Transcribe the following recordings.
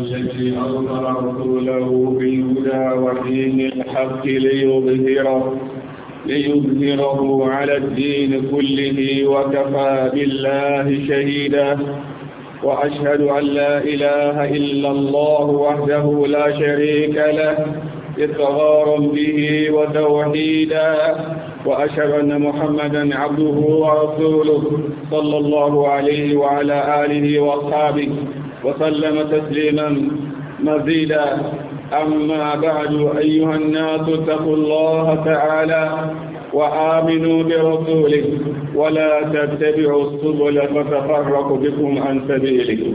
التي أرسل رسوله بالهدى ودين الحق ليظهره ليظهره على الدين كله وكفى بالله شهيدا وأشهد أن لا إله إلا الله وحده لا شريك له إقرارا به وتوحيدا وأشهد أن محمدا عبده ورسوله صلى الله عليه وعلى آله وأصحابه وسلم تسليما مزيدا أما بعد أيها الناس اتقوا الله تعالى وآمنوا برسوله ولا تتبعوا السبل فتفرق بكم عن سبيله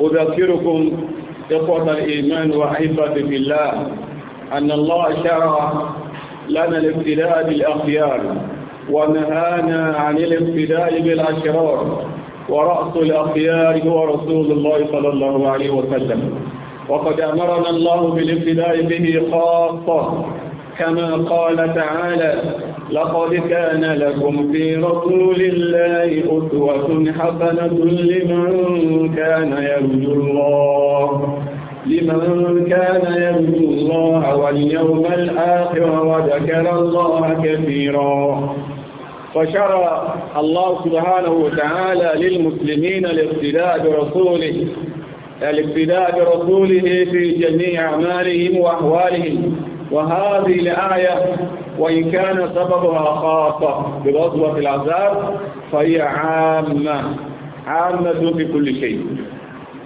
أذكركم إخوة الإيمان وحفة في الله أن الله شرع لنا الابتلاء بالأخيار ونهانا عن الاقتداء بالأشرار ورأس الأخيار هو رسول الله صلى الله عليه وسلم وقد أمرنا الله بالابتداء به خاصة كما قال تعالى لقد كان لكم في رسول الله أسوة حسنة لمن كان يرجو الله لمن كان يرجو الله واليوم الآخر وذكر الله كثيرا فشرع الله سبحانه وتعالى للمسلمين الاقتداء برسوله الاقتداء برسوله في جميع أعمالهم وأحوالهم وهذه الآية وإن كان سببها خاصة بغزوة العذاب فهي عامة عامة في كل شيء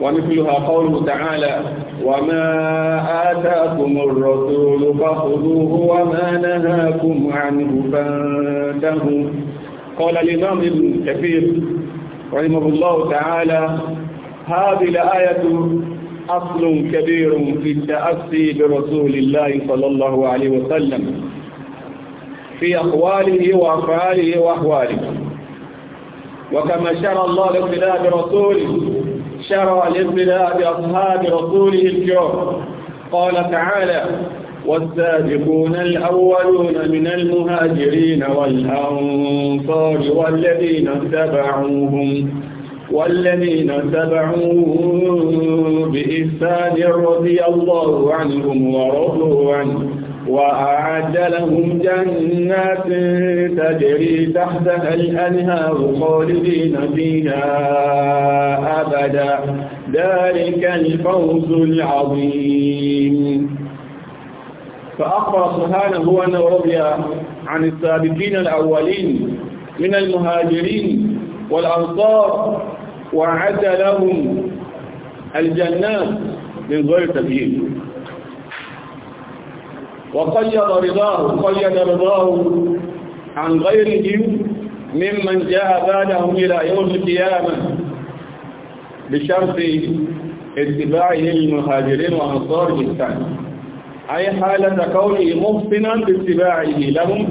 ومثلها قوله تعالى وما آتاكم الرسول فخذوه وما نهاكم عنه فانتهوا قال الإمام ابن كثير رحمه الله تعالى هذه الآية أصل كبير في التأسي برسول الله صلى الله عليه وسلم في أقواله وأفعاله وأحواله وكما شرع الله الابتلاء برسوله شرع الاقتداء بأصحاب رسوله الكرام قال تعالى والسابقون الأولون من المهاجرين والأنصار والذين اتبعوهم والذين اتبعوهم بإحسان رضي الله عنهم ورضوا عنه وأعد لهم جنات تجري تحتها الأنهار خالدين فيها أبدا ذلك الفوز العظيم فأخبر سبحانه أنه رضي عن السابقين الأولين من المهاجرين والأنصار وعد لهم الجنات من غير تبيين وقيد رضاه قيد رضاه عن غيره ممن جاء بعدهم إلى يوم القيامة بشرط اتباعه المهاجرين وأنصار الإسلام أي حالة كونه محسنا باتباعه لهم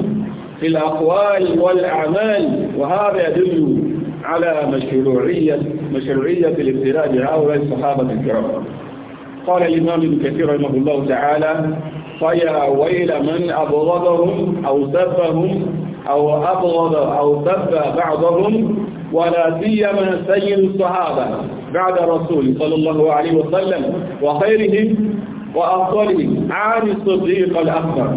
في الأقوال والأعمال وهذا يدل على مشروعية مشروعية الابتلاء بهؤلاء الصحابة الكرام قال الإمام ابن كثير رحمه الله تعالى فيا ويل من أبغضهم أو سبهم أو أبغض أو سب بعضهم ولا سيما سيد الصحابة بعد رسول صلى الله عليه وسلم وخيرهم وأفضلهم عن الصديق الأكبر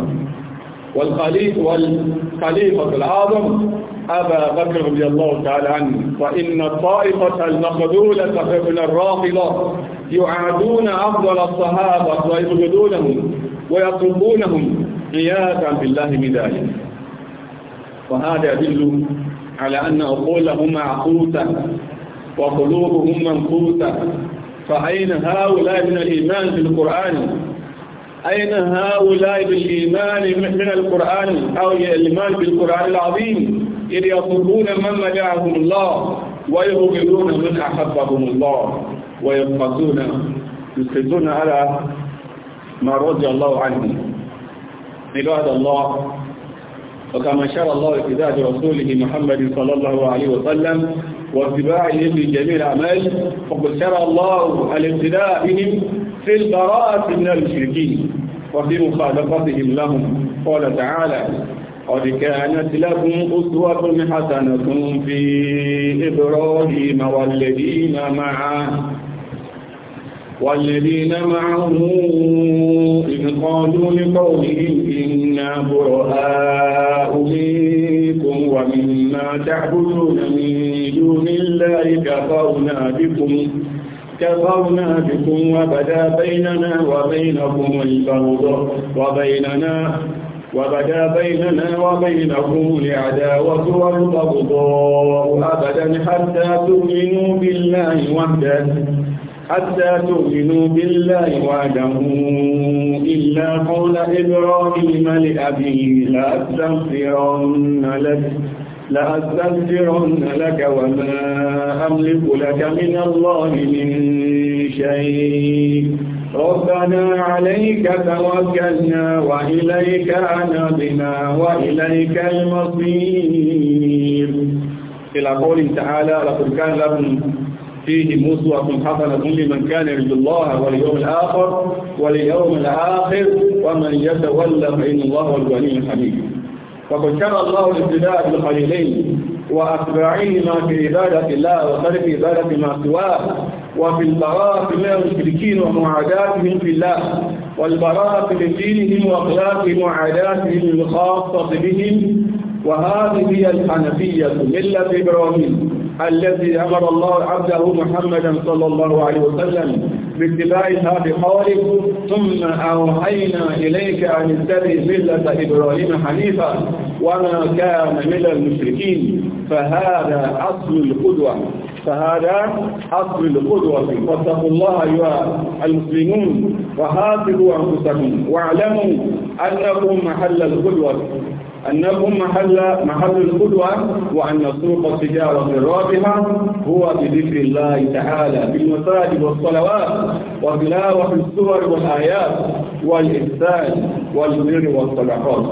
والخليفة والخليفة الأعظم أبا بكر رضي الله تعالى عنه فإن الطائفة المخذولة من الرافضة يعادون أفضل الصحابة ويبغضونهم ويطلبونهم عياذا بالله من ذلك وهذا يدل على أن عقولهم معقوتة وقلوبهم منقوتة فأين هؤلاء من الإيمان بالقران أين هؤلاء بالإيمان من القرآن أو الإيمان بالقرآن العظيم إذ يطلبون من مدعهم الله ويبغضون من أحبهم الله ويبقون يسخطون على ما رضي الله عنه عباد الله وكما شرع الله اتباع رسوله محمد صلى الله عليه وسلم واتباعهم لجميع الأعمال فقد الله الابتداء بهم في البراءة من المشركين وفي مخالفتهم لهم قال تعالى قد كانت لكم أسوة حسنة في إبراهيم والذين معه والذين معه إذ قالوا لقومهم إنا براء منكم ومما تعبدون من دون الله كفرنا بكم كفرنا بكم وبدا بيننا وبينكم البغض وبيننا وبدا بيننا وبينكم العداوة والبغضاء أبدا حتى تؤمنوا بالله وحده حتى تؤمنوا بالله وعده إلا قول إبراهيم لأبيه لأستغفرن لك لأستغفرن لك وما أملك لك من الله من شيء ربنا عليك توكلنا وإليك أنبنا وإليك المصير إلى قوله تعالى لقد كان لكم فيه مسوة حسنة لمن كان يرجو الله واليوم الآخر واليوم الآخر ومن يتولى فإن الله هو الغني الحميد فقد شرع الله الابتداء بالخليلين وأتباعهما في عبادة الله وترك عبادة ما سواه وفي البراءة من المشركين ومعاداتهم في الله والبراءة من دينهم وأخلاقهم وعاداتهم الخاصة بهم وهذه هي الحنفية ملة إبراهيم الذي أمر الله عبده محمدا صلى الله عليه وسلم باتباعها بقوله ثم أوحينا إليك أن اتبع ملة إبراهيم حنيفا وما كان من المشركين فهذا أصل القدوة فهذا أصل القدوة واتقوا الله أيها المسلمون وحافظوا أنفسكم واعلموا أنكم محل القدوة أنكم محل محل القدوة وأن سوق التجارة الرابحة هو بذكر الله تعالى بالمساجد والصلوات وتلاوة السور والآيات والإحسان والبر والصدقات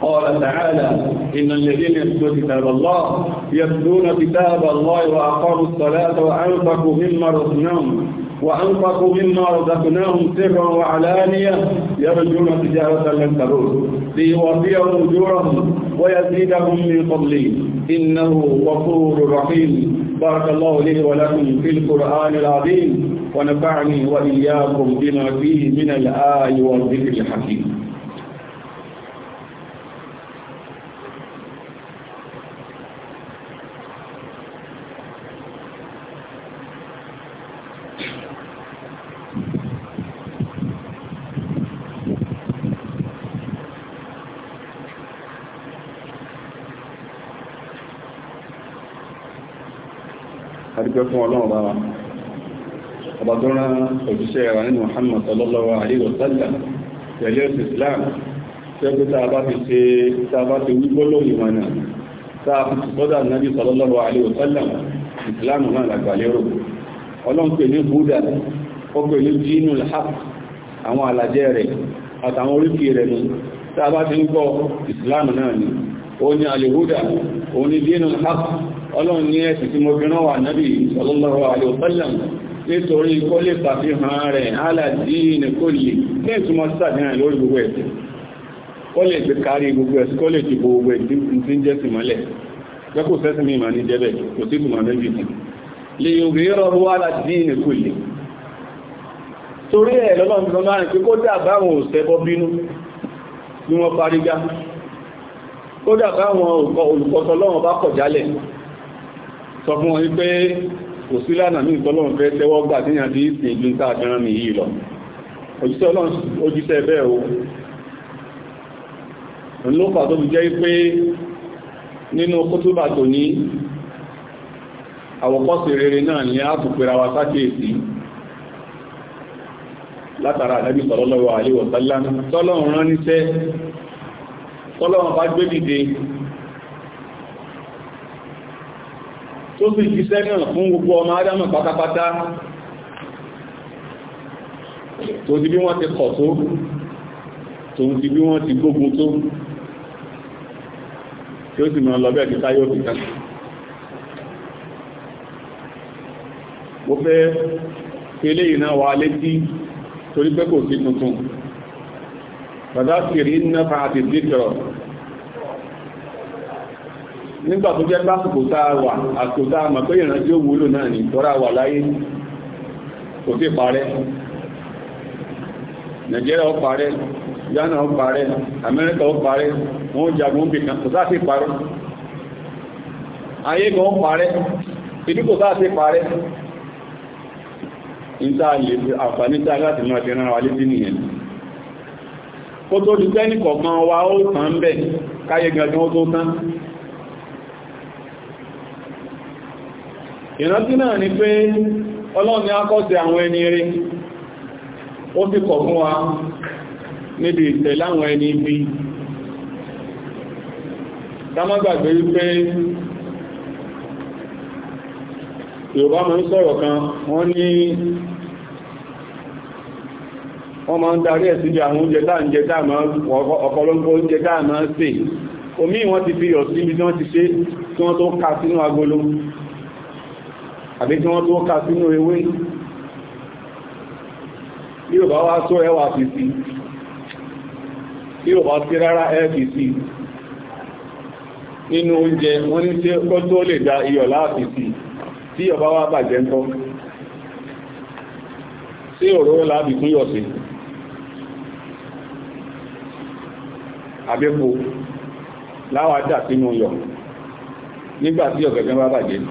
قال تعالى إن الذين يتلون كتاب الله يتلون كتاب الله وأقاموا الصلاة وأنفقوا مما رزقناهم وأنفقوا مما رزقناهم سرا وعلانية يرجون تجارة لن تبور ليوفيهم أجورهم ويزيدهم من فضله إنه غفور رحيم بارك الله لي ولكم في القرآن العظيم ونفعني وإياكم بما فيه من الآي والذكر الحكيم dúpẹ́ fún ọlọ́run bá wa ọba tó rán òjíṣẹ́ wa nínú Muhammad sallallahu alaihi wa sallam pẹ̀lú ẹ̀sìn Islam tẹ́gbẹ́ tá a bá fi ṣe tá a bá fi wí gbọ́lọ́ ìwọ̀n náà tá a fi ti bọ́dà nàbí sallallahu alaihi wa sallam Islam náà làgbàlérò ọlọ́run pè ní buddha ó pè ọlọ́run ní ẹ̀sìn tí mo fi rán wà náàbì sallallahu alaihi wasallam nítorí kó lè pàfihàn rẹ̀ aládìíní kó lè ní ìtumọ̀ sàdínà lórí gbogbo ẹ̀sìn kó lè ti kárí gbogbo ẹ̀sìn kó lè ti bo gbogbo ẹ̀sìn tí ń jẹ́ sí mọ́lẹ̀ lẹ́kùn sẹ́sìn mi mà ní jẹ́bẹ̀ kò sí ìtumọ̀ méjì fún lè yògbé rọrù aládìíní kó lè torí ẹ̀ lọ́lọ́run máa ń pé kó dà báwọn òṣèbọ bínú ni wọ́n parí gá kó dà báwọn olùkọ́sọ lọ́wọ́n bá kọ̀ jálẹ̀ sọ fún wọn wípé kò sí lánà ní ìtọ́lọ́run fẹ́ tẹ́wọ́ gbà tíyàn bí ìsìn ìlú tá àfihàn mi yìí lọ òjíṣẹ́ ọlọ́run ojúṣẹ́ bẹ́ẹ̀ o ńlọ́pà tó fi jẹ́ pé nínú kótóbà tó ní àwọ̀kọ́sì rere náà ni a tún pèrà wa sákèèsí látara àdábì sallallahu alaihi wasallam tọ́lọ́run rán níṣẹ́ tọ́lọ́run bá gbé dìde tó sì jíṣẹ́ náà fún gbogbo ọmọ adámọ̀ pátápátá tó ti bí wọ́n ti kọ̀ tó tó ti bí wọ́n ti gbógun tó tí ó sì mọ̀ lọ́bẹ̀ ti táyé òkìta mo fẹ́ tẹ́lé ìná wa létí torí pé kò sí tuntun bàdá sì rí náà fa àti dìtọ̀rọ̀ nígbà tó jẹ́ pásìkò tá a wà àsìkò tá a mọ̀ pé ìrìnàjò yóò wúlò náà ní tọ́ra wà láyé kò sí parẹ́ nàìjíríà ó parẹ́ ghana ó parẹ́ amẹ́ríkà ó parẹ́ wọ́n jagun bìkan kò sáà sí parẹ́ ayé gan ó parẹ́ ìdí kò sáà sí parẹ́ níta lè fi àǹfààní tá láti máa fi ránra wálé sí nìyẹn kó tó di tẹ́nìkọ̀ọ̀kan wa ó tàn ń bẹ̀ káyé gangan ó tó tán ìrántí náà ni pé ọlọ́run ni àwọn ẹni rí ó sì kọ̀ fún wa níbi ìtẹ̀lé àwọn ẹni wípé Yorùbá ń sọ̀rọ̀ kan wọ́n ní wọ́n ma ń darí ẹ̀ síbi àwọn oúnjẹ dáà ń jẹ dáà máa omi wọ́n ti fi ọ̀sí ibi tí wọ́n ti àbí tí wọ́n tó ká sínú ewé bí ò bá wá tó ẹwà fi sí bí ò bá sí rárá ẹ fi sí nínú oúnjẹ wọ́n ní tí ó tó lè da iyọ̀ láàfi sí tí ọba wá bàjẹ́ ń tọ́ sí òróró láàbì fún yọ̀ sí àbẹ́kò láwàá sínú yọ̀ nígbà tí bá bàjẹ́ ni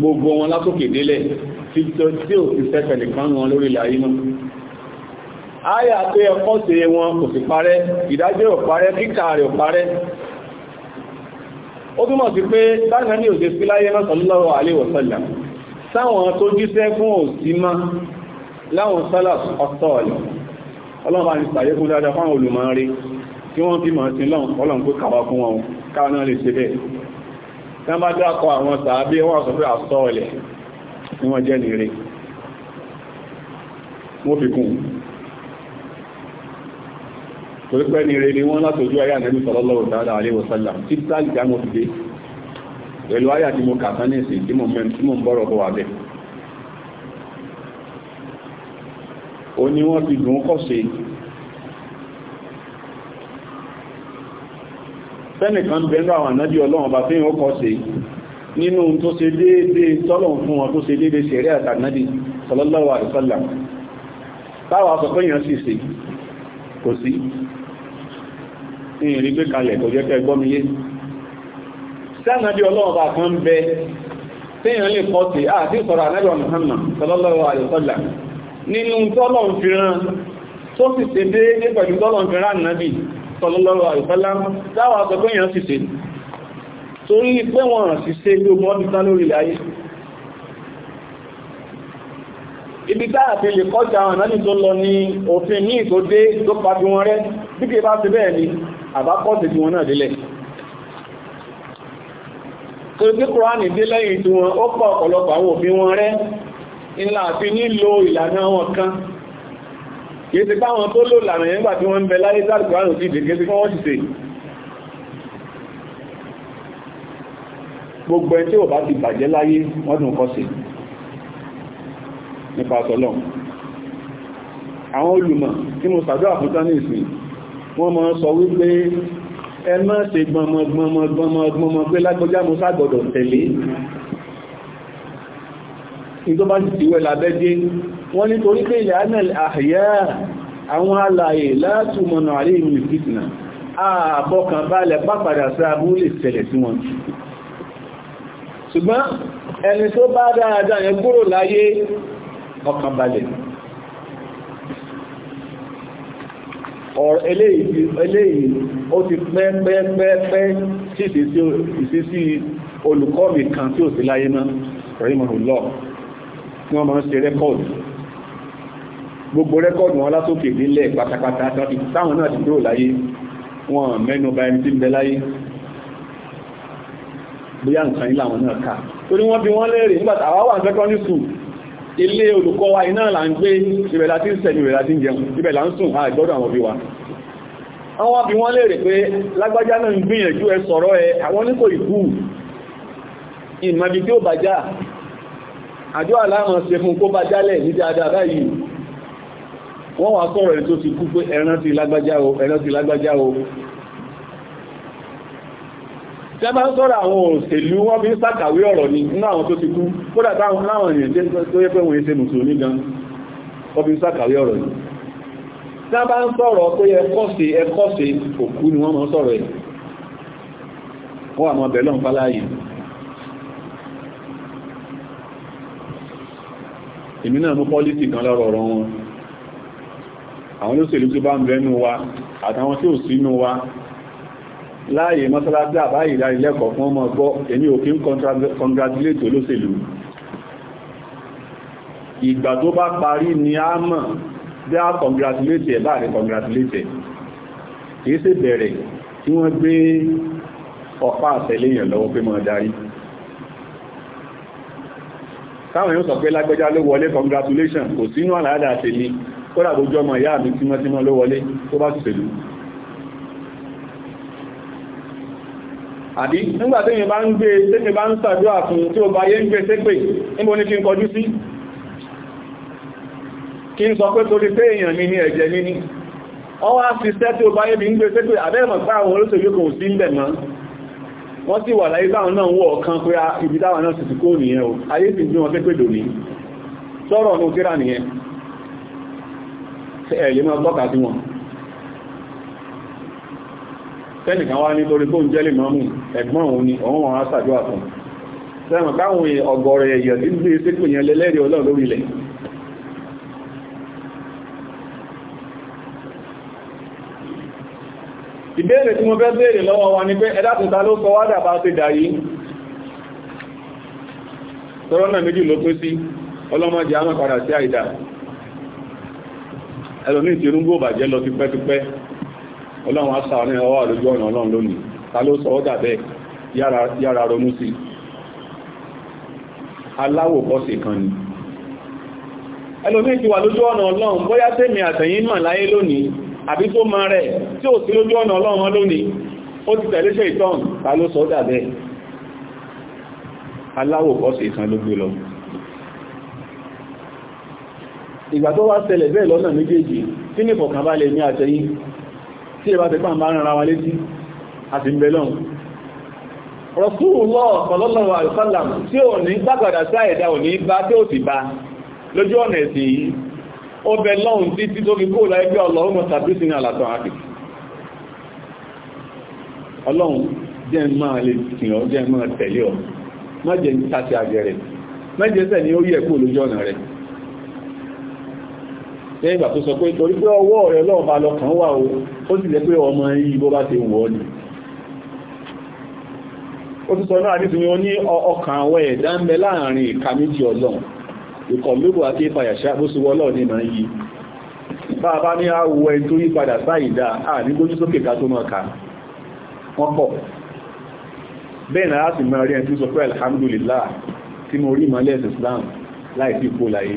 gbogbo wọn látòkè délẹ̀ tí ó ti fẹ́fẹ́ nìkan wọn lórí ilẹ̀ náà ayà pé ẹkọ́ sí wọn kò sì parẹ́ ìdájọ́ ò parẹ́ kíkà rẹ̀ ò parẹ́ ó túnmọ̀ sí pé báyìí ní òṣè sí láyé náà sallallahu alaihi wasallam sáwọn tó jíṣẹ́ fún òsì má láwọn sálàs ọ̀tọ̀ọ̀lẹ̀ ọlọ́run àti sàyẹ́kún dáadáa fáwọn olùmọ̀ rí kí wọ́n bí màá sí lọ́n ọlọ́run pé kàwà fún wọn káwọn náà lè ṣe bẹ́ẹ̀ tí wọ́n bá dákọ àwọn sàábí wọ́n sọ pé àsọ́ ọ̀lẹ̀ ni wọ́n jẹ́ nìire wọ́n fi kún torí pé nìire ni wọ́n látòjú ayé ànẹ́bí sallallahu ta'ala alaihi wa sallam tí táàlì jámọ́ fi dé pẹ̀lú ayé tí mo ń bọ́rọ̀ tẹ́nìkan bẹ̀rẹ̀ àwọn ànábí ọlọ́run bá fi ń kọ́ sí nínú tó ṣe déédé tọ́lọ̀ fún wọn tó ṣe déédé ṣẹ̀rí àtànábí sallallahu alaihi wasallam táwà sọ pé èèyàn sì sí kò sí ìrìn gbé kalẹ̀ kò jẹ́ kẹ́ gbọ́miyé sẹ́nàbí ọlọ́run bá kan bẹ téèyàn lè kọ́ sí àti sallallahu alaihi wasallam dáwà sọ pé èèyàn sì ṣe torí pé wọ́n sì ṣe ló mọ́dútá lórí ayé ibi táà fi lè kọjá àwọn ànájì tó lọ ní òfin ní ìtòdé tó pàbí wọn rẹ́ bí kí bá ti bẹ́ẹ̀ ni àbápọ̀sì tí wọn náà délẹ̀ torí pé kùránì dé lẹ́yìn tí wọn ó pọ̀ ọ̀pọ̀lọpọ̀ àwọn òfin wọn rẹ́ ńlá àfi nílò ìlànà wọn kan kìí ti káwọn tó lò lànà yẹngbà tí wọ́n ń bẹ láyé sáàkù àrùn sí ìdè kìí wọ́n ṣìṣe gbogbo ẹ̀ tí ò bá ti bàjẹ́ láyé wọ́n dùn kọ́ sí nípa ọ̀tọ̀lọ́ àwọn olùmọ̀ tí mo sàdúrà fún tán ní ìsìn wọ́n máa sọ wípé ẹ má ṣe gbọmọgbọmọgbọmọ pé lágbọ́já mo ságbọ́dọ̀ tẹ̀lé ní tó bá ti ti wẹ́ labẹ́ dé wọ́n ní torí pé ilẹ̀ anel àyà àwọn alàyè látùmọ̀nà àrí ìmìnì fitna ààbọ̀kàn balẹ̀ bá padà sí abúlé ṣẹlẹ̀ sí wọn ṣùgbọ́n ẹni tó bá dáadáa yẹn kúrò láyé ọkàn balẹ̀ olùkọ́ mi kan tí ò sí láyé náà rẹ̀mọ̀rún tí wọ́n máa ń ṣe rẹ́kọ́ọ̀dù gbogbo rẹ́kọ̀dù wọn látòkè nílẹ̀ pátápátá táwọn náà ti dúró láyé wọn mẹ́nu bà ẹni tí ń bẹ láyé bóyá nǹkan ilé àwọn náà ká torí wọ́n bí wọ́n lẹ́rìí nígbà táwa wà secondary school ilé olùkọ́ wa iná là ń gbé ibẹ̀ láti ń sẹ̀ ibẹ̀ láti ń jẹun ibẹ̀ ń sùn a àwọn òbí wa àwọn bí wọ́n lẹ́rìí pé lágbájá náà ń gbìyànjú ẹ sọ̀rọ̀ ẹ àwọn oníkò ìkú ìmọ̀bí tí ó bàjá àjọ aláàmọ̀ ṣe fún kó bàjálẹ̀ ní dáadáa báyìí wọ́n wá sọ̀rọ̀ ẹni tó ti kú pé ẹran ti lágbájá o ẹran ti lágbájá o tí a bá ń sọ̀rọ̀ àwọn òṣèlú wọ́n bí ń sàkàwé ọ̀rọ̀ ni nínú àwọn tó ti kú kódà táwọn láwọn èèyàn tó yẹ pé wọ́n yẹ ṣe mùsùlùmí gan wọ́n bí ń sàkàwé ọ̀rọ̀ ni tí a bá ń sọ̀rọ̀ pé ẹkọ́sẹ̀ ẹkọ́sẹ̀ òkú ni wọ́n mọ́ sọ̀rọ̀ ẹ̀ wọ́n àmọ́ bẹ̀lọ́n fáláyìí èmi náà mú pọ́lítì kan lọ́rọ̀ ọ̀rọ̀ wọn àwọn olóṣèlú tí bá ń bẹnu wa àtàwọn tí ò sínú wa láàyè mọ́sálásí àbáyé ìdánilẹ́kọ̀ọ́ fún ọmọ gbọ́ èmi ò kí ń congratulate olóṣèlú ìgbà tó bá parí ni a mọ̀ bí a congratulate ẹ̀ bá rẹ̀ congratulate kìí ṣe bẹ̀rẹ̀ tí wọ́n gbé ọ̀pá àtẹ̀léyàn lọ́wọ́ pé mọ́ darí táwọn yóò sọ pé lágbẹ́já ló wọlé congratulation kò sínú àlàádà àtẹ̀lé kódà bójú ọmọ ìyá mi tí wọ́n tí wọ́n ló wọlé tó bá sì pẹ̀lú àbí nígbàtí mi bá ń gbé tẹ́mi bá ń sàdúrà fún tí ó bá yé ń gbé sépè níbo ní kí n kọjú sí kí n sọ pé torí pé èèyàn mi ní ẹ̀jẹ̀ mi ní ọwá síṣẹ́ tí ó bá yé mi ń gbé sépè àbẹ́ẹ̀mọ̀ pé wọn sépè ẹ̀lẹ́ máa tọ́ka sí wọn tẹ́nìkan wá nítorí kó ń jẹ́lì mọ́mù ẹ̀gbọ́n òun ni ọ̀hún wọn aṣàjọ́ àtún sẹ́wọ̀n káwọn ọ̀gọ̀rọ̀ ẹ̀yẹ̀ tí ń gbé sípò yẹn lẹ́lẹ́rìí ọlọ́run lórí ilẹ̀ ìbéèrè tí mo fẹ́ béèrè lọ́wọ́ wa ni pé ẹ̀dàkùnta ló sọ wádà bá ti dà yìí tọ́rọ náà méjì ló pé sí ọlọ́mọdé á mọ́ padà sí àìdá ẹlòmí ti rúgbò bàjẹ́ lọ ti pẹ́tipẹ́ ọlọ́run aṣà ní ọwọ́ àlójú ọ̀nà ọlọ́run lónìí ta ló sọ ọ́dà bẹ́ẹ̀ yára ronú sí aláwò bọ́sì kan ni ẹlòmí ti wà lójú ọ̀nà ọlọ́run bóyá tèmi àtẹ̀yìn mà láyé lónìí àbí tó máa rẹ̀ tí ò sí lójú ọ̀nà ọlọ́run lónìí ó ti tẹ̀lé ṣe ìtọ́n ta ló sọ ọ́dà bẹ́ẹ̀ aláwò bọ́sì kan ló gbé lọ ìgbà tó wá ṣẹlẹ̀ bẹ́ẹ̀ lọ́nà méjèèjì tí ní fọ̀kànbalẹ̀ ní àtẹ̀yìn tí ẹbá tẹ́pà máa rán ara wa létí àti ìbẹ̀lọ́n Rasulullah sallallahu alaihi wasallam tí ò ní gbàgbàdà sáẹ̀dá ò ní bá tí ó ti bá lójú ọ̀nà ẹ̀sìn yìí ó bẹ lọ́hùn tí tí tó fi kó láyé pé ọlọ́run mọ̀ tàbí sínú àlàtọ̀ àti ọlọ́run jẹ́ máa lè tìyàn jẹ́ máa tẹ̀lé ọ má jẹ́ ń tàti àgẹ̀rẹ̀ má jẹ́ sẹ́ ni ó yẹ kó lójú ọ̀nà rẹ̀ lẹ́yìn ìgbà tó sọ pé torí pé ọwọ́ rẹ̀ lọ́wọ́ bá lọ́kàn wà o ó sì lẹ́ pé ọmọ yìí bó bá ti wọ́ ni ó ti sọ náà ní ìsinmi ó ní ọkàn àwọn ẹ̀dá ń bẹ láàrin ìka méjì ọlọ́run ìkọ̀lógún àti ìfàyàṣá bó sì wọ́ lọ́ọ̀ ní máa ń yí bá bá ní àwọ ẹni tó yí padà sáìdá àní Islam láì sí ipò láyé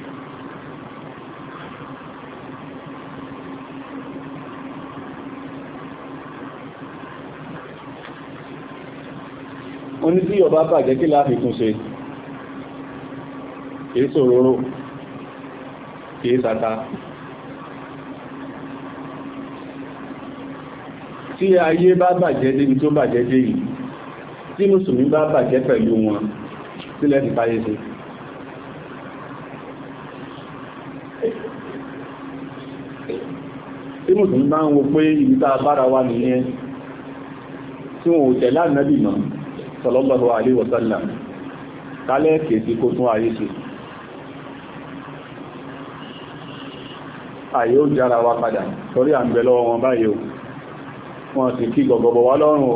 ní tí ọba bàjẹ́ kí láàfi tún ṣe kìí sòróró kìí tata tí ayé bá bàjẹ́ débi tó bàjẹ́ dé yìí tí mùsùlùmí bá bàjẹ́ pẹ̀lú wọn sílẹ̀ ti fáyé sí tí mùsùlùmí bá ń wo pé ìlú tá a bára wa nìyẹn tí wọn ò tẹ̀lé náà sallallahu alaihi wasallam kálẹ̀ kó tún ayé ṣe ayé ó jára wa padà torí à ń bẹ lọ́wọ́ wọn báyìí o wọ́n sì kí gọ̀gọ̀bọ̀ wá lọ́rùn o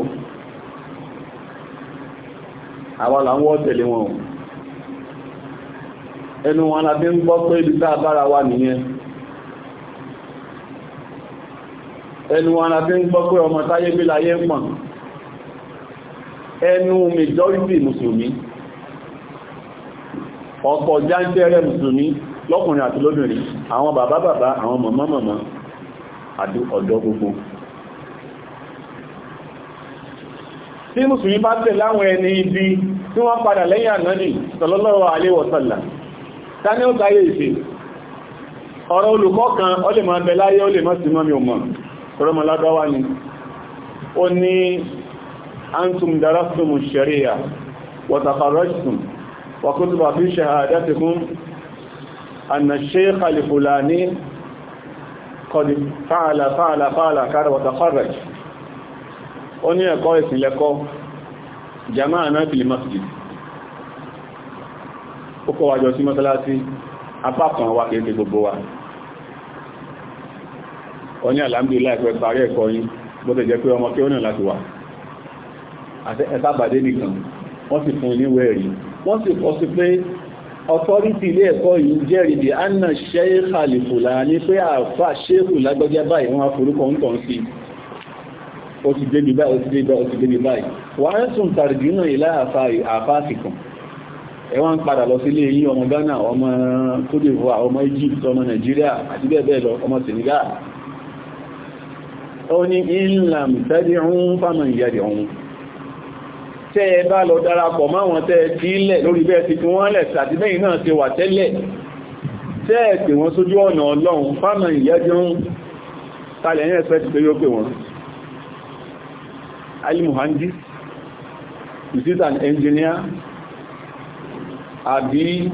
àwa là ń wọ́ tẹ̀lé wọn o ẹnu wọn la fi ń gbọ́ pé ibi tá a nìyẹn ẹnu wọn la ń gbọ́ pé ọmọ táyé láyé pọ̀n ẹnu majority mùsùlùmí ọ̀pọ̀ jáńtẹ́rẹ́ mùsùlùmí lọ́kùnrin àti lóbìnrin àwọn bàbá bàbá àwọn mọ̀mọ́ mọ̀mọ́ àti ọ̀dọ́ gbogbo tí mùsùlùmí bá tẹ̀ láwọn ẹni ibi tí wọ́n padà lẹ́yìn ànábì wasallam tání ó tayé ìfẹ́ ọ̀rọ̀ olùkọ́ kan ó lè máa bẹ láyé ó ni أنتم درستم الشريعة وتخرجتم وكتب في شهادتكم أن الشيخ الفلاني قد فعل فعل فعل كار وتخرج أني أقول لكم جماعنا في المسجد ọkọ̀ àjọ sí mọ́sálásí apákan wa kéèkéé gbogbo wa ọ ní àlàmdùlá ẹ̀kọ́ parí ẹ̀kọ́ yìí bó tẹ̀ jẹ́ pé ọmọ kí ó nà láti wà ẹ̀sábàdé nìkan wọ́n sì fún ní wẹ́ẹ̀rí wọ́n sì kọ́ sí pé ọ̀tọ́rítì ilé ẹ̀kọ́ yìí jẹ́rìí anna sheikh alifula ní pé àfà sheikh lágbọ́já báyìí wọ́n forúkọ ń tàn sí ó ti débi báyìí ó ti débi báyìí ó ti débi báyìí wà á sùn tàrìdì náà ilá àfáàsìkàn ẹ wá ń padà lọ sílé yín ọmọ Ghana ọmọ Cote d'Ivoire ọmọ Egypt ọmọ Nàìjíríà àti ní inlam tẹ́lẹ̀ ń fámọ̀ ìyàdì ọ̀hún tẹ́ ẹ bá lọ darapọ̀ máwọn tẹ́ ẹ ti lẹ̀ lórí bẹ́ẹ̀ ti fi wọ́n lẹ̀ sàtìlẹ́yìn náà ti wà tẹ́lẹ̀ tẹ́ ẹ pè wọ́n sójú ọ̀nà ọlọ́run fáàmà ìyẹ́jọ́ ń talẹ̀ ní ẹ̀fẹ́ ti pé pè wọ́n Ali Muhandis is engineer àbí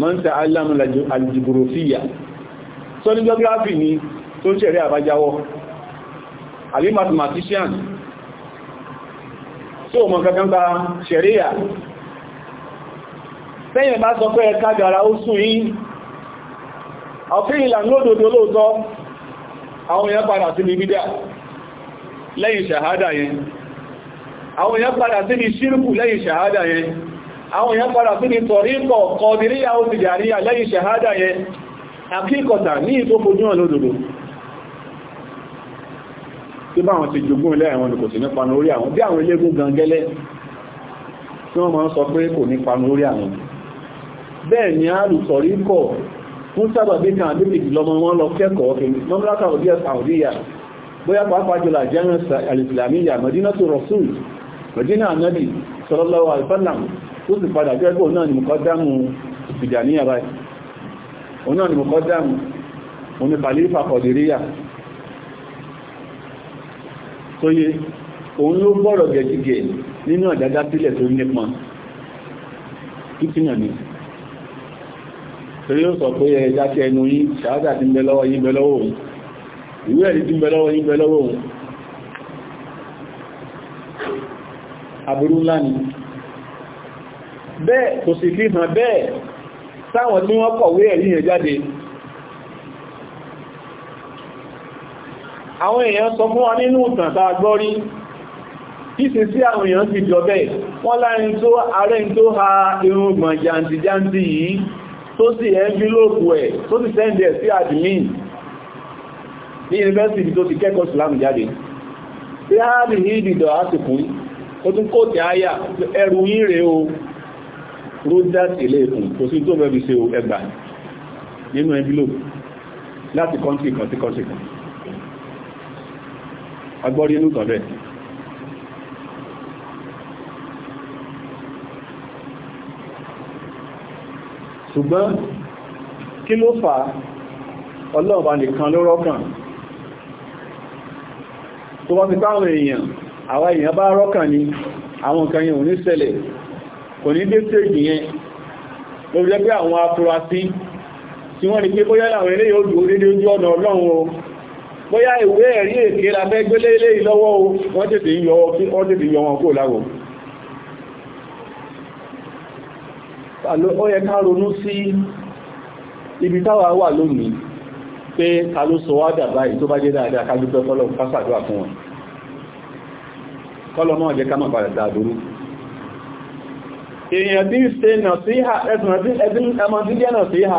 mọ́ntà alamu aljiburofiya sọ ní geography ni tó ń ṣẹ̀rẹ́ àbájáwọ́ àbí mathematician tí ò mọ̀ kankan bá ṣẹ̀ríyà tẹ́yìn sọ pé ẹka gara ó sùn yí ọ̀fẹ́ nododo òdòdó lóòtọ́ àwọn èèyàn padà sí ní bídá lẹ́yìn ṣàhádà yẹn àwọn èèyàn padà sí ní ṣírùkù lẹ́yìn ṣàhádà yẹn àwọn èèyàn padà sí ní tọ̀ríkọ̀ kọ̀ọ̀dìríyà ó lẹ́yìn ṣàhádà yẹn tí báwọn ti jogún ilẹ̀ àwọn kò sí ní panu orí àwọn bí àwọn ilégún gangẹ́lẹ́ tí wọ́n máa ń sọ pé kò ní panu àwọn bẹ́ẹ̀ ni alùsọ̀rí kọ̀ fún sábàbí kan àdébìkì lọmọ wọn lọ kẹ́kọ̀ọ́ fi mọ́mílákà òdí àwòdíyà bóyá pàápàá jùlọ àjẹ́rìn alìsìlàmíyà mọ̀dínà tó rọ̀sùn mọ̀dínà anábì sallallahu alaihi wasallam tó ni mọ̀kọ́dámù ìfìdàníyà báyìí òun náà ni mọ̀kọ́dámù òun ni kàlífà kọ̀dìríyà sóyé òun ló bọ́rọ̀ gẹ̀gẹ̀ nínú àdádá sílẹ̀ tó nípọn títìyàn ni torí ó sọ pé ẹja tí ẹnu yí ṣàádà ti ń bẹ lọ́wọ́ yí bẹ lọ́wọ́ òun ìwé ẹ̀rí ti ń bẹ lọ́wọ́ yí bẹ lọ́wọ́ òun aburú ńlá ni bẹ́ẹ̀ kò sì fi hàn bẹ́ẹ̀ sáwọn tí wọ́n kọ̀wé ẹ̀rí yẹn jáde àwọn èèyàn sọ fún wa nínú ìtàntà gbọ́rí ìsìn sí àwọn èèyàn ti jọ bẹ́ẹ̀ wọ́n láàrin tó ààrẹ tó ha irun gbọ̀n jàǹdìjàǹdì yìí tó sì ẹ́nvílòpù ẹ̀ tó sì sẹ́ndẹ̀ sí admin ní yunifásitì tó ti kẹ́kọ̀ọ́ ìsìlámù jáde tí a rí ní ìdìdọ̀ àsìkú ó tún kó tẹ́ àyà ẹrù yín rẹ̀ o rodas ilẹ̀kùn kò sí tó mẹ́bí ṣe ẹgbà nínú envelope láti kọ́ntì kan sí kọ́ntì kan agbọ́rí inú kan bẹ́ẹ̀ ṣùgbọ́n kí ló fà ọlọ́ọ̀bá nìkan ló rọ́kàn tó wọ́n ti táwọn èèyàn àwọn èèyàn bá rọ́kàn ni àwọn nǹkan yẹn ò ní ṣẹlẹ̀ kò ní dé stéèjì yẹn ló jẹ́ pé àwọn afurasí tí wọ́n ní pé bóyá àwọn eléyìí ó dúró dédé ojú ọ̀nà ọlọ́run bóyá ìwé ẹ̀rí èké la fẹ́ ilé ìlọ́wọ́ wọ́n tètè yọ wọn kó láwọ́ ó yẹ ká ronú sí ibi lónìí pé ta ló sọ wá báyìí tó bá jẹ́ dáadáa ká dúpẹ́ fún wọn mọ́ jẹ́ ká mọ̀ padà dáadúrú èèyàn ha ẹ̀sùn ha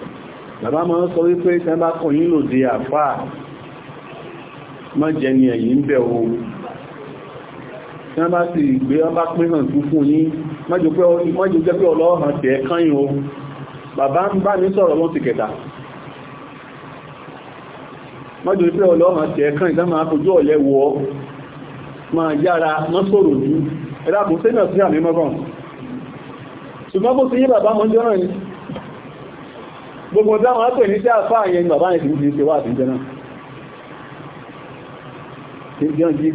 bàbá máa ń sọ wípé tẹ́ bá kọ̀ yín lòdì àfà mọ́jẹ ni ẹ̀yìn bẹ̀ o tẹ́ bá sì gbé wọ́n bá pín hàn tún fún yín mọ́jọ jẹ́ pé ọlọ́hàn tẹ́ kányìn o bàbá ń bá ní sọ̀rọ̀ lọ́n ti kẹta mọ́jọ pé ọlọ́hàn tẹ́ kányìn tẹ́ máa fojú ọ̀lẹ́ wọ́ máa yára mọ́sọ̀rọ̀ jù ẹ̀dàkùn sẹ́nà sí àmì mọ́kàn ṣùgbọ́n bó ti yí bàbá mọ́jọ́ náà gbogbo dáwọn ápè ní sí àfá àyẹn bàbá yẹn ti ń ṣe wà àtijọ́ náà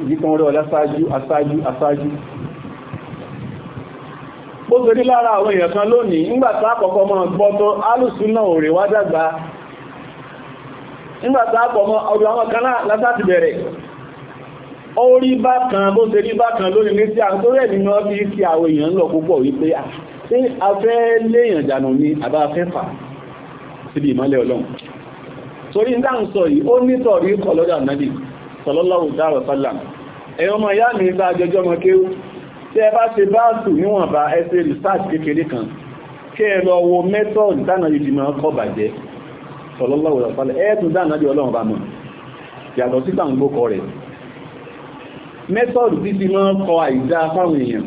jíkan rẹ̀ ọ̀lá sáájú asáájú asáájú ó torí lára àwọn èèyàn kan lónìí nígbàtá àkọ́kọ́ mọ́ gbọ́tọ́ alùsúnà òrè wá dàgbà nígbàtá àkọ́kọ́ ọdún àwọn kan látàti bẹ̀rẹ̀ ó rí bákan bó ṣe rí bákan lónìí ní sí àwọn tó rẹ̀ nínú àwọn èèyàn lọ púpọ̀ wípé ah, a fẹ́ léèyàn jànù ní àbáfẹ́fà síbi ìmọ́lẹ̀ ọlọ́run torí ń dáhùn sọ yìí ó nítorí kọ̀ lọ́dọ̀ ànábì sallallahu dáwọ̀ sálàm ẹ̀yọ́ ọmọ ìyá mi bá jọjọ́ ọmọ kéwú tí ẹ bá ṣe báàsù níwọ̀nba ẹsẹ̀ research kékeré kan kí ẹ lọ wo method dáná yìí máa kọ́ bàjẹ́ sallallahu dáwọ̀ sálàm ẹ̀ẹ́dùn dáná bí ọlọ́run bá mọ̀ yàtọ̀ sí gbàǹgbókọ rẹ̀ method títí máa kọ àìdá fáwọn èèyàn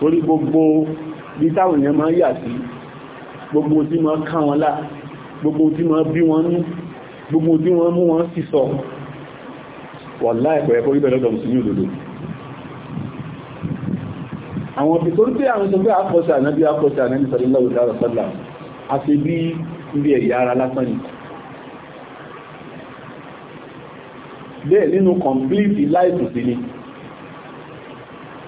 torí gbogbo bí táwọn èèyàn máa yà sí gbogbo tí máa ká wọn lá gbogbo tí máa bí wọn nú gbogbo tí wọ́n mú wọn sì sọ wà láìpẹ́ ẹ̀kọ́ ibẹ̀ lọ́dọ̀ mùsùlùmí òdòdó àwọn òbí tó ń pé àwọn ìṣẹ́gbẹ́ àpọ̀ṣẹ́ ànábí àpọ̀ṣẹ́ ànábí sallallahu alaihi wasallam àti bí ibi ẹ̀yà ara lásán ni bẹ́ẹ̀ nínú complete life sí ni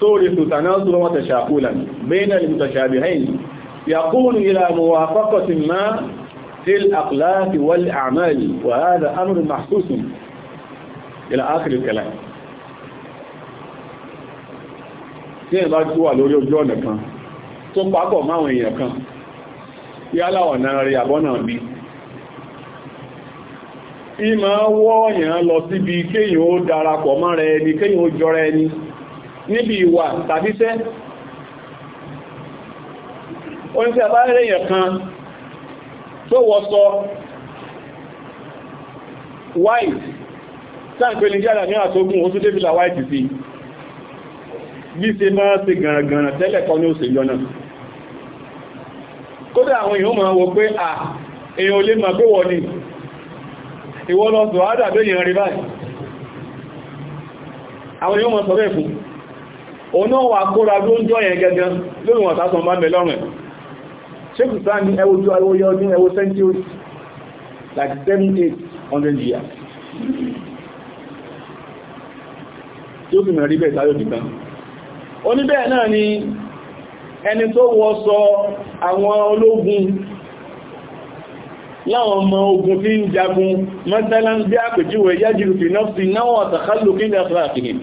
تورث تناظر وتشاكلا بين المتشابهين يقول إلى موافقة ما في الأخلاق والأعمال وهذا أمر محسوس إلى آخر الكلام tí ẹ̀ bá tó wà lórí ojú ọ̀nà kan tó pápọ̀ máwọn èèyàn kan yálà ọ̀nà rẹ̀ àbọ́nà bí i wọ́ ọ̀yàn lọ síbi kéyìn ó darapọ̀ mọ́ rẹ̀ ẹni kéyìn ó jọra ẹni níbi ìwà tàbí sẹ́ oníṣẹ́ àbárẹ̀ èèyàn kan tó wọṣọ white sáàpẹ́ ní jẹ́ àdàmí àtógún oṣù débìlà white sí bí ṣe máa ṣe gànràngànrà tẹ́lẹ̀ kọ́ ní òṣèlú ọ̀nà kódà àwọn èèyàn máa wọ pé à èèyàn olè máa pé wọ́n ni ìwọ́lọ́sọ̀ àádàbẹ̀yàn rí báyìí àwọn èèyàn máa sọ bẹ́ẹ̀ fún òun náà wà kóra ló ń jọ yẹn gẹ́gẹ́ lórí wọn sásán bá mẹ́lọ́rùn ṣékù sáà ní ẹwọ ojú ayé ọdún ẹwọ century like seven eight hundred years tí ó fi mẹ́rin bẹ́ẹ̀ sáyọ̀ nìkan oníbẹ̀ẹ́ náà ni ẹni tó wọ sọ àwọn ológun láwọn ọmọ ogun tí ń jagun mọ́tẹ́lá ń bí àpèjúwẹ̀ yájìlù fi náà fi náà ọ̀tàkálù kí ní àfíra àfihàn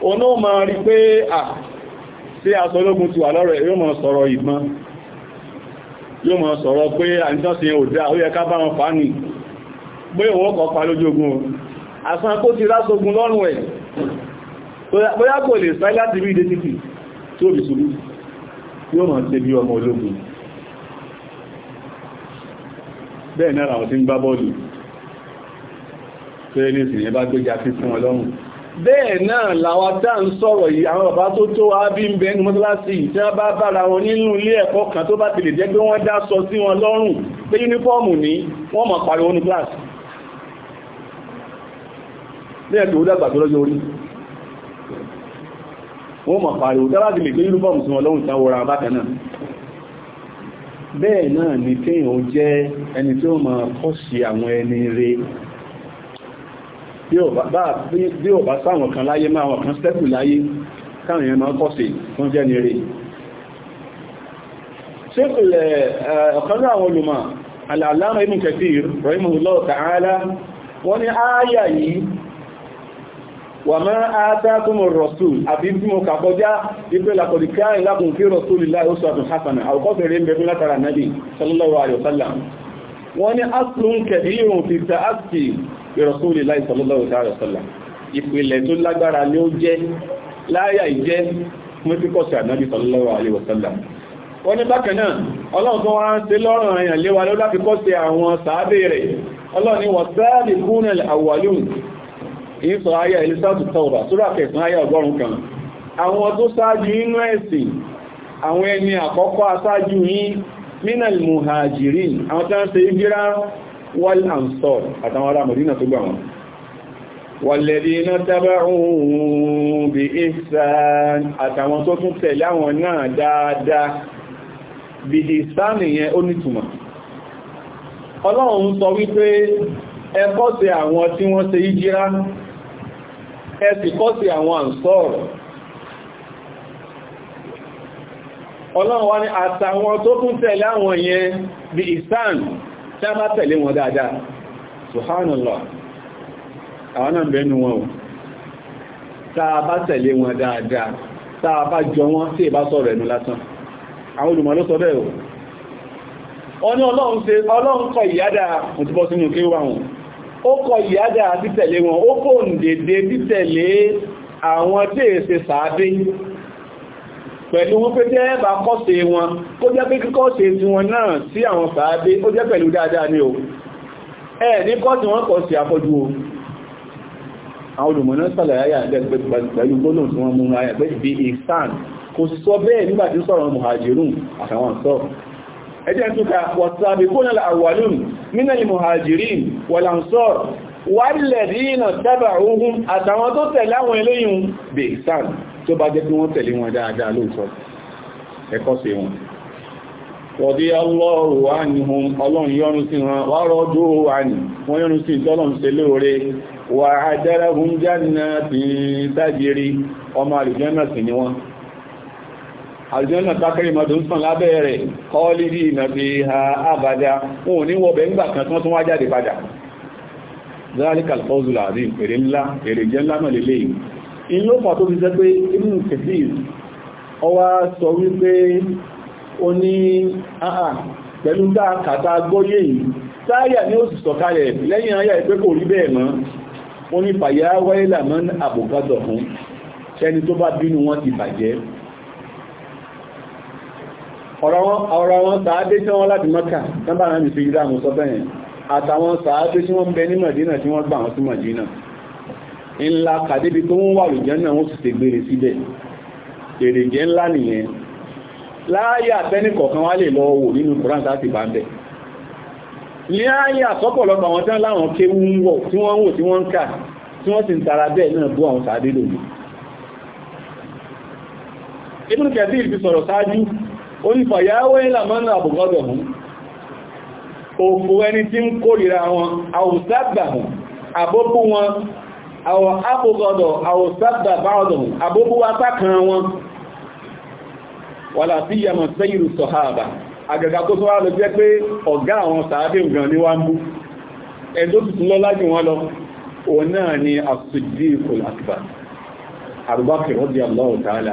òun ó máa rí pé à sí aṣọ ológun ti wà lọ́rọ̀ yóò máa sọ̀rọ̀ ìbọn yóò máa sọ̀rọ̀ pé àìjọ́sìn ò dáa ó yẹ ká bá wọn fà ní pé òun ọkọ̀ pa lójú ogun o àsan kó ti rásogun lọ́rùn ẹ̀ bóyá kò lè sáyé láti rí ìdẹ́tìtì tí ó bì ṣubú yóò máa ṣe bí ọmọ ológun bẹ́ẹ̀ náà àwọn tí ń gbá bọ́ọ̀lù pé ní ìsìnyẹ bá gbé jà sí fún ọlọ́run bẹ́ẹ̀ náà làwọn tá ń sọ̀rọ̀ yìí àwọn bàbá tó tó wá bí ń bẹ ní mọ́sálásí tí wọ́n bá bára wọn nínú ilé ẹ̀kọ́ kan tó bá ti lè jẹ́ pé wọ́n dá sọ sí wọn lọ́rùn pé yúnífọ́ọ̀mù ní wọ́n máa pariwo ní kíláàsì bẹ́ẹ̀ tó dàgbà tó lọ́jọ́ orí wọ́n máa pariwo tá bá ti gbé yúnífọ́ọ̀mù sí wọn lọ́rùn tí wọ́n ra bákan náà bẹ́ẹ̀ náà ni kéèyàn jẹ́ ẹni tí ó máa kọ́ sí àwọn ẹni rẹ̀ bí ò bá sáwọn kan láyé máa wọn kan stẹ́pù láyé káwọn èèyàn máa kọ́sì fún jẹ́ ní rí ṣékùlẹ̀ ọ̀kanlá àwọn olùmọ̀ alàlámà ibn Kathir rahimahullah ta'ala wọ́n ní ááyà yìí wà máa átákùnmọ̀ rọ̀sùl àbí bí mo kàkọjá ipé làkọ̀dìká ìlàkùn fí rasulillahi uswatun hasana àwọ̀kọ́fẹ̀rẹ̀ ń bẹ̀rún látara nabi ìrọ̀sóòlì láìsọ̀lọ́lọ́wọ́ sára sọ́là ìpìlẹ̀ tó lágbára ni ó jẹ́ láyà ìjẹ́ mọ́tíkọ̀sì ànábì sọ̀lọ́lọ́wọ́ àlewọ̀sọ́là wọ́n ní bákan náà ọlọ́run tó wá ń ṣe lọ́rùn èèyàn léwa ló láti kọ́ sí àwọn sàábé rẹ̀ ọlọ́run ni wọ́n sáàbì ayá ìlúsàtù tọ́ọ̀bà sórà kẹsàn ayá ọgọ́rùn kan àwọn tó sáájú inú ẹ̀sìn àwọn ẹni àkọ́kọ́ asáájú yín mínà muhajirin àwọn tó ń ṣe wal ansar àtàwọn ará Mọ̀dínà tó gbà wọn walladina taba'uhum bi ihsan àtàwọn tó tún tẹ̀lé àwọn náà dáadáa bí ihsan yẹn ó nítumọ̀ Ọlọ́run sọ wípé ẹ kọ́ṣe àwọn tí wọ́n ṣe ìjírá ẹ sì kọ́ṣe àwọn ansar Ọlọ́run wá ní àtàwọn tó tún tẹ̀lé àwọn yẹn bí ihsan tá bá tẹ̀lé wọn dáadáa subhanallah àwọn náà bẹ̀ẹ́nu wọn o tá bá tẹ̀lé wọn dáadáa tá bá jọ wọn tí ìbá sọ̀rọ̀ ẹnu lásán àwọn olùmọ̀ ló sọ bẹ́ẹ̀ o ọ̀nà ọlọ́run ọlọ́run pẹ̀lú wípé tẹ́ bá kọ́sẹ̀ wọn kó jẹ́ pé kíkọ́sẹ̀ tí wọn náà sí àwọn sàábé ó jẹ́ pẹ̀lú dáadáa ní o ẹ ní kọ́sẹ̀ wọn kọ́sẹ̀ àfọ́jú o àwọn olùmọ̀ná sàlàyà pẹ̀lú gbólóhùn tí wọ́n mú ayà pé ibi ìsàn kò sì sọ bẹ́ẹ̀ nígbà tí sọ̀rọ̀ muhajirun àtàwọn sọ ẹjẹ́ túnka wàtàbíkún al-awwalun min al-muhajirin wal-ansar wal-ladina taba'uhum àtàwọn tó tẹ̀lé àwọn eléyìn bèèsàn tó bá jẹ́ pé wọ́n tẹ̀lé wọn dáadáa lóòótọ́ ẹ̀kọ́ sí wọn wọ̀dí ọlọ́rù ánìhun ọlọ́run yọ́nú sí wọn wá rọ́dú ánì wọ́n yọ́nú sí ìtọ́lọ̀n ṣe lóore wà àjẹ́rẹ́hun jáàdínà ti tájìrí ọmọ àlùjànnà sí ni wọ́n àlùjànnà tákàrí mọ́dún sàn lábẹ́ rẹ̀ kọ́lìdì ìnàbí ha àbádá wọn ò ní wọ́bẹ̀ ńgbà kan tán tún wá jáde padà inú ọ̀pá tó fi jẹ́ pé inú kẹfì ọwá sọ wípé ó ní àà pẹ̀lú dá kàtà gbọ́yé yìí táyà ní ó sì sọ̀kalẹ̀ lẹ́yìn ayà ìpé kò rí bẹ́ẹ̀ mọ́ o ní fàyà wáyélà mọ́ àbòkátọ̀ fún ẹni tó bá bínú wọn ti bàjẹ́ ọ̀rọ̀ wọn sàádé tí wọ́n láti mọ́kà tán bá rán mi fi ìdá àmúsọ bẹ́ẹ̀ àtàwọn sàádé tí wọ́n bẹ ní tí wọ́n gbà wọn sí mọ̀dínà ńlá kàdébi tó ń wà lùjẹ́ náà wọ́n sì ti gbére síbẹ̀ èrèjẹ ńlá nìyẹn láàyè àtẹ́nì kọ̀ọ̀kan wá lè lọ wò nínú kùrántà ti bá ń bẹ̀ ní ààyè àsọ́pọ̀lọpọ̀ àwọn tán láwọn kéwú ń wọ̀ tí wọ́n ń wò tí wọ́n ń kà tí wọ́n sì ń tara bẹ́ẹ̀ náà bú àwọn sàádé lòdì ibùn kẹfí ìfi sọ̀rọ̀ sáájú ó ní fàyàwó ìlà mọ́nà àbùgọ́dọ̀ mú òfò ẹni tí ń kórìíra wọn àwùságbà wọn àbókú wọn àwọ̀ àbúgọ́dọ̀ àwọ̀ sábà báwọ̀dọ̀ àbúgbúwá sákan wọn wà láti yàmọ̀ sẹ́yìrù sọ̀háàbà àgàgà tó tó wá lọ jẹ́ pé ọ̀gá àwọn sàábé gan ní wọ́n bú ẹ̀dọ́ tuntun lọ lájú wọn lọ òun náà ni as-siddiqul akbar Abubakar radiyallahu ta'ala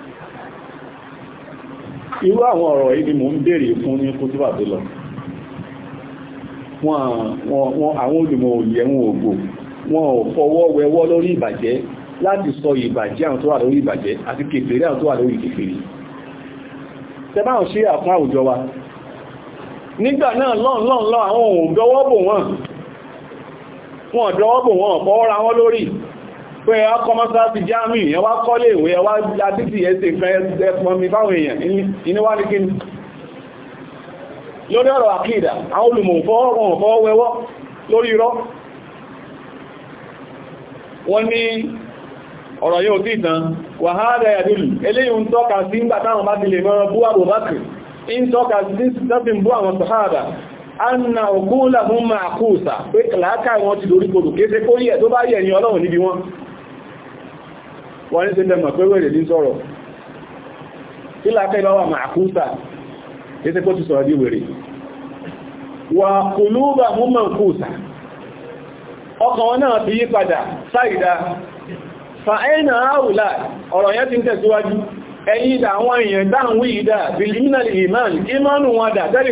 irú àwọn ọ̀rọ̀ yìí ni mò ń béèrè fún ní kútúbà tó lọ àwọn olùmọ̀ òyẹ̀ wọn ògbò wọn ò fọwọ́ wẹwọ́ lórí ìbàjẹ́ láti sọ ìbàjẹ́ àwọn tó wà lórí ìbàjẹ́ àti kèfèrè àwọn tó wà lórí kèfèrè tẹbáhùn sí àfún àwùjọ wa nígbà náà lọ́nlọ́nlọ́ àwọn òǹdọwọ́bò wọn wọn ọ̀dọwọ́bò wọn ọ̀pọ̀ ọ́ra wọn lórí pé ẹwà kọmọ́sá ti jámì ẹwà kọ́lé ìwé ẹwà látítì ẹsẹ̀ fẹ́ ẹpọn mi fáwọn èèyàn iníwá ní kíni lórí ọ̀rọ̀ àkídà àwọn olùmọ̀fọ́wọ́wọ́ lórí irọ́ wọ́n ní ọ̀rọ̀ yóò tí ìtàn wàhálà ẹ̀dùn eléyìí ń tọ́ka sí ń gbàtàwọn bá ti lè mọ́rọ bú àbòbákì ń tọ́ka sí sẹ́fìn bú àwọn sàhábà anna ogúnlà mú ma kúùsà pé kàlákà wọn ti lórí kodò kéèsé kó yẹ tó bá yẹ ní ọlọ́run níbi wọn wọ́n ní sílẹ̀ mọ̀ pé wèrè ní sọ̀rọ̀ tí láàkẹ́ lọ́wà máa kúsà títí kó ti sọ̀rọ̀ bí wèrè wà kùlúbà mú mọ̀ kúsà ọkàn wọn náà ti yí padà sáìdá fa'ẹ́nà áwùlá ọ̀rọ̀ yẹn ti ń tẹ̀síwájú ẹ̀yìn ìdà àwọn èèyàn dáhùn ìdà bìlìmínàlì ìmáàlì ìmánu wọn dà tẹ́lì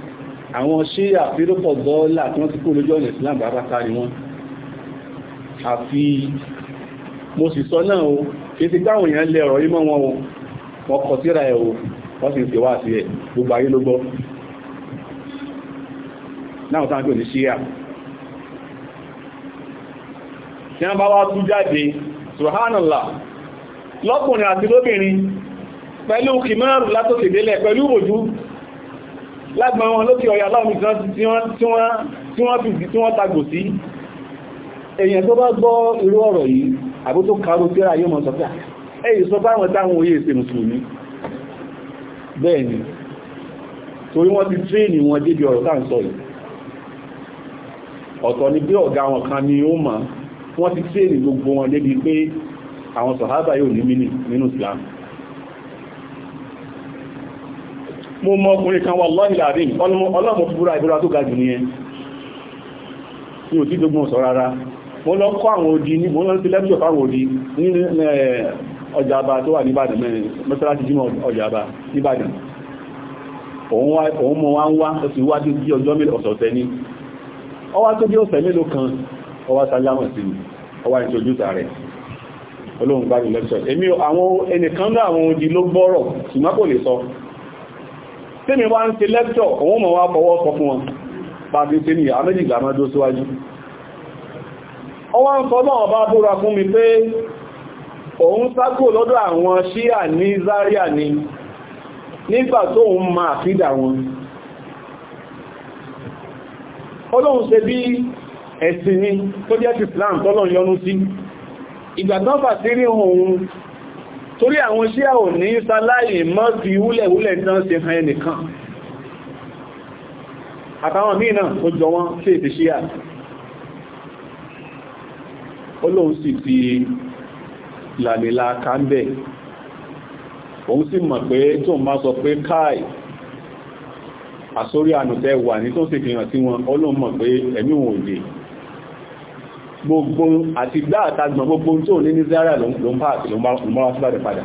àwọn ṣíyà fírópọ̀ gọ́ọ́lá tí wọ́n ti kó lójú ọ̀nà islam bàbá kárí wọn àfi mo sì sọ náà o kí ti gbáwọn èèyàn lẹ ọ̀rọ̀ yìí mọ́ wọn o wọ́n kọ síra ẹ̀ o wọ́n sì ń tèwà sí ẹ̀ gbogbo ayé ló gbọ́ náà tán pè ní ṣíyà tí wọ́n bá wá tú jáde subhanallah lọ́kùnrin àti lóbìnrin pẹ̀lú kìmọ́rù látòkèdélẹ̀ pẹ̀lú òjú lágbà wọn lókè ọ̀yà láwọn ìsan tí wọ́n fi tí wọ́n tagò sí èyàn tó bá gbọ́ irú ọ̀rọ̀ yìí àbó tó kàrò tíra yóò mọ̀ sọ́fẹ́ èyí sọ bá ah, wọn táwọn oyè ìsẹ̀ mùsùlùmí bẹ́ẹ̀ni torí wọ́n ti tírínì wọn débi ọ̀rọ̀ tá ń sọ yìí ọ̀tọ̀ ni bí ọ̀gá wọn kan ni ó mọ̀ wọ́n ti tírínì gbogbo wọn débi pé àwọn sọ̀hábà yóò ní mínì nínú Islam mo mọ ọkùnrin kan wà lọ́yìn àrí ọlọ́mọ fúra ìbúra tó ga ní ẹ ní ò gbogbo ọ̀sọ̀ rárá mo lọ kọ́ àwọn odi ní mo lọ sí lẹ́pṣọ̀ fáwọn odi ní ọjà àbá tó wà níbàdàn mẹ́rin mọ́sálásí jímọ̀ ọjà àbá níbàdàn òun mọ wá ń wá ó sì wá bí ọjọ́ mélòó ọ̀sọ̀ọ̀sẹ̀ ní ọwá tó bí ọ̀sẹ̀ mélòó kan ọwá sálámọ̀ tẹ́mi wá ń ṣe lẹ́kṣọ̀ òun mọ̀ wá fọwọ́ sọ fún wọn pàtí tí ní àmẹ́jì ìgbàmọ́dó síwájú ọwọ́n sọ náà bá búra fún mi pé òun sákò lọ́dọ̀ àwọn ṣíà ní Zaria ni nígbà tó ń ma àfídà wọn ọlọ́run ṣe bí ẹ̀sìn ni tó jẹ́ ti Islam tọ́lọ́ yọ́nú sí ìgbà tán fà sí rí ohun torí àwọn iṣẹ́ ò ní sáláyì mọ́ fi wúlẹ̀wúlẹ̀ tán ṣe hàn ẹnìkan àtàwọn míì náà ó jọ wọ́n sí ètì ṣíyà ó lóun sì fi lànìlà kánbẹ̀ òun sì mọ̀ pé tó máa sọ pé káì àsórí ànùtẹ́ wà ní tó sì fi hàn sí wọn ó mọ̀ pé ẹ̀mí òun òdè gbogbo àti gbá àtagbọ̀n gbogbo tó ní ní zara ló ń bá àti ló mọ́ra síbàdẹ̀ padà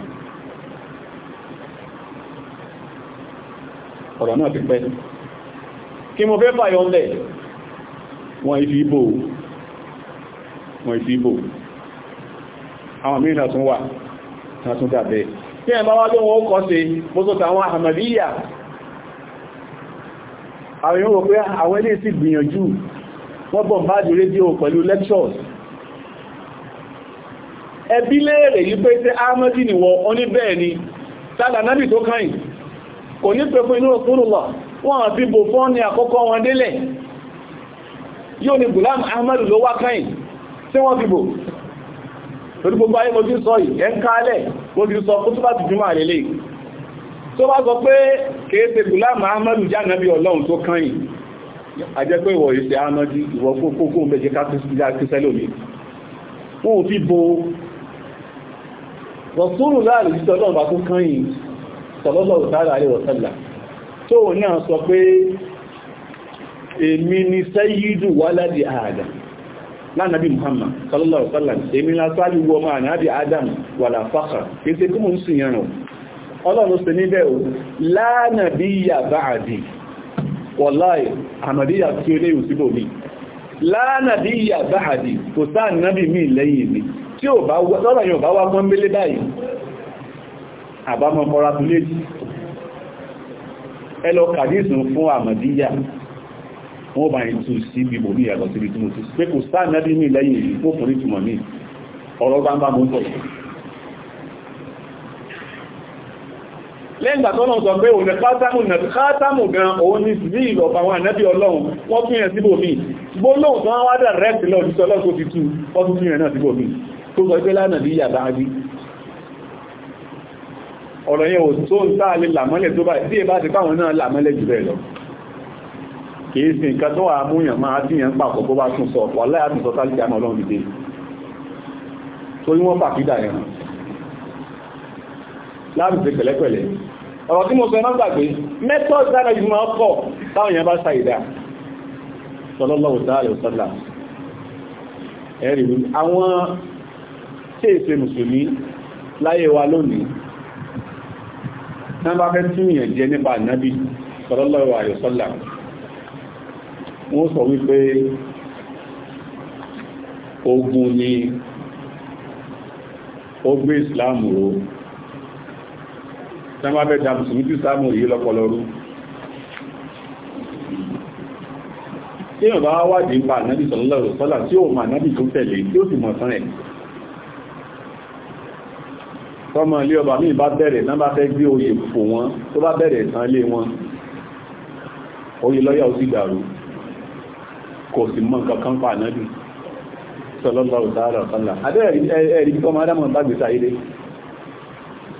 ọ̀rọ̀ náà ti pẹ́ kí mo fẹ́ fàyọ ńlẹ̀ wọ́n ifi ibò wọ́n ifi ibò àwọn mìíràn tún wà tún dàbẹ̀ tí ẹ̀ bá wá lóhun ó kọ́ sí mọ́sọ̀tà àwọn Ahmadiyya àwọn yóò wọ́n pé àwọn ilé sì gbìyànjú wọ́n bọ̀ bá di rédíò pẹ̀lú lectures ẹbí léèrè yí pé tí ahmadi nìwọ oníbẹ̀ẹ̀ ni tàbí anábì tó káyìn kò ní pẹ̀ fún inú òkúrùlọ wọ́n àti bò fọ́n ní àkọ́kọ́ wọn délẹ̀ yóò ní gulam ahmadu ló wá káyìn tí wọ́n fi bò torí gbogbo ayé mo ti sọ yìí ẹ̀ ń kálẹ̀ mo ti sọ kó tó bá ti jùmọ̀ àlélẹ́yìí tó bá sọ pé kèése gulam ahmadu jánabi ọlọ́run tó káyìn ajẹ́ pé ìwọ̀ ìṣẹ́ anájí ìwọ̀ kókó mẹ́jẹ kásẹ́lómi wọ́n fi bo rọ̀súrù láàrín jíjọ́ lọ́nà tó kányìn sọ̀lọ́lọ́ ìtàrà àrẹ wọ̀sẹ́là tó náà sọ pé èmi ni sẹ́yídù wáládì Adam lánàbí Muhammad sọlọ́lọ́ ìtàrà èmi lásáàlú wọ máa nàbí Adam wà láfáà kìí se kí mò ń sìn yẹn rùn ọlọ́run sí níbẹ̀ lánàbí yà báàdì wọ̀láì àmàdíyà tí ó léyìn síbò mi lánàdíyà báhàdì kò sáà mi mí lẹ́yìn mi tí ó bá tọ́rọ yóò ba wá mọ́ mẹ́lé báyìí àbámọ́ fọ́rápùléjì ẹlọ fún àmàdíyà wọ́n bá ń tú sí bíbò ní ẹ̀lọ́ síbi tí mo tú pé kò sáà nábì mí lẹ́yìngbà tó lọ́n sọ pé òun kátàmù nà kátàmù gan òun ní sí ìlọ̀pàá àwọn ànábì ọlọ́run wọ́n fi hàn síbò mí gbólóhùn tó wá dà rẹ̀ sílọ̀ ní sọlọ́ tó fi tú ọdún fi hàn náà síbò mí tó sọ pé lánàá bí yàtà á bí ọ̀rọ̀ yẹn ò tó ń tá lè làmọ́lẹ̀ tó báyìí tí ẹ bá ti káwọn náà làmọ́lẹ̀ jù bẹ́ẹ̀ lọ kìí sí nǹkan tó wà múyàn máa tí yẹn pàpọ̀ bó tún láti ṣe pẹ̀lẹ́pẹ̀lẹ́ ọ̀rọ̀ tí mo sọ náà gbàgbé method dára yìí máa kọ̀ táwọn èèyàn bá ṣàìdá sallallahu ta'ala wa sallam ẹ̀rì àwọn tí èsè mùsùlùmí láyé wa lónìí náà bá fẹ́ túnyàn jẹ nípa ànábì sallallahu alayhi wa sallam wọ́n sọ wípé ogun ni ó gbé ìsìláàmù tán bá fẹ́ dàmù sùn ní ìsìlámù yìí lọ́pọ̀lọ́rú tí yàn bá wádìí pa ànábì sọ̀lọ́lọ́rọ̀ sọ́lá tí ó mọ̀ ànábì tó tẹ̀lé tí ó sì mọ̀ sán rẹ̀ tọ́mọ ilé ọba míì bá bẹ̀rẹ̀ náà bá fẹ́ gbé oyè fò wọn tó bá bẹ̀rẹ̀ ìsan ilé wọn oyè lọ́yà ó sì dàrú kò sì mọ̀ kankan pa ànábì sọ̀lọ́lọ́rọ̀ sọ́lá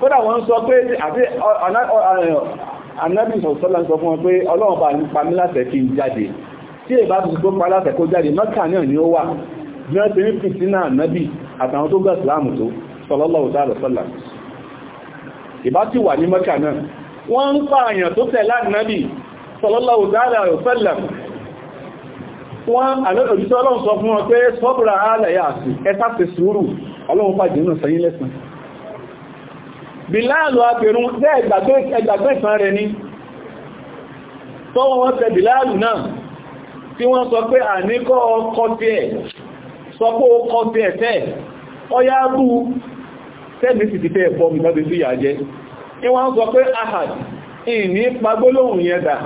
kódà wọ́n sọ pé àbí anábì sọ̀sọ́lá sọ fún wọn pé ọlọ́run bá nípa mi láṣẹ kí n jáde tí èbá ti tó pa láṣẹ kó jáde mọ́kà náà ni ó wà bí wọ́n ti ní fìtínà anábì àtàwọn tó gbà ìsìláàmù tó sọlọ́lọ́wọ́ tá àlọ́sọ́lá ìbá ti wà ní mọ́kà náà wọ́n ń pààyàn tó tẹ̀lá anábì sọlọ́lọ́wọ́ tá àlọ́sọ́lá wọ́n àlọ́sọ́lọ́run sọ fún wọn pé sọ́bùrà àlẹ́ yà sí ẹ bìláàlù apẹ̀rún jẹ́ ẹgbàgbé ìfàn rẹ̀ ní tọ́wọ́ wọ́n tẹ bìláàlù náà tí wọ́n sọ pé àníkọ́ ọkọ̀ tí ẹ̀ sọ pé ọkọ̀ tí ẹ̀ tẹ́ ọya bú tẹ́bí sì ti fẹ́ bọ́ mi lọ́dẹ̀ sí ìyàjẹ́ tí wọ́n sọ pé ahad ìní pagbólóhùn yẹn dà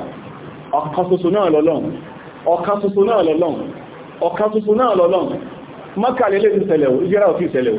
ọ̀kan ṣoṣo náà lọ́lọ́n ọ̀kan ṣoṣo náà lọ́lọ́n ọ̀kan ṣoṣo náà lọ́lọ́n mọ́kàlélé ti ṣẹlẹ̀ ìjẹ́ra òfin ṣẹlẹ̀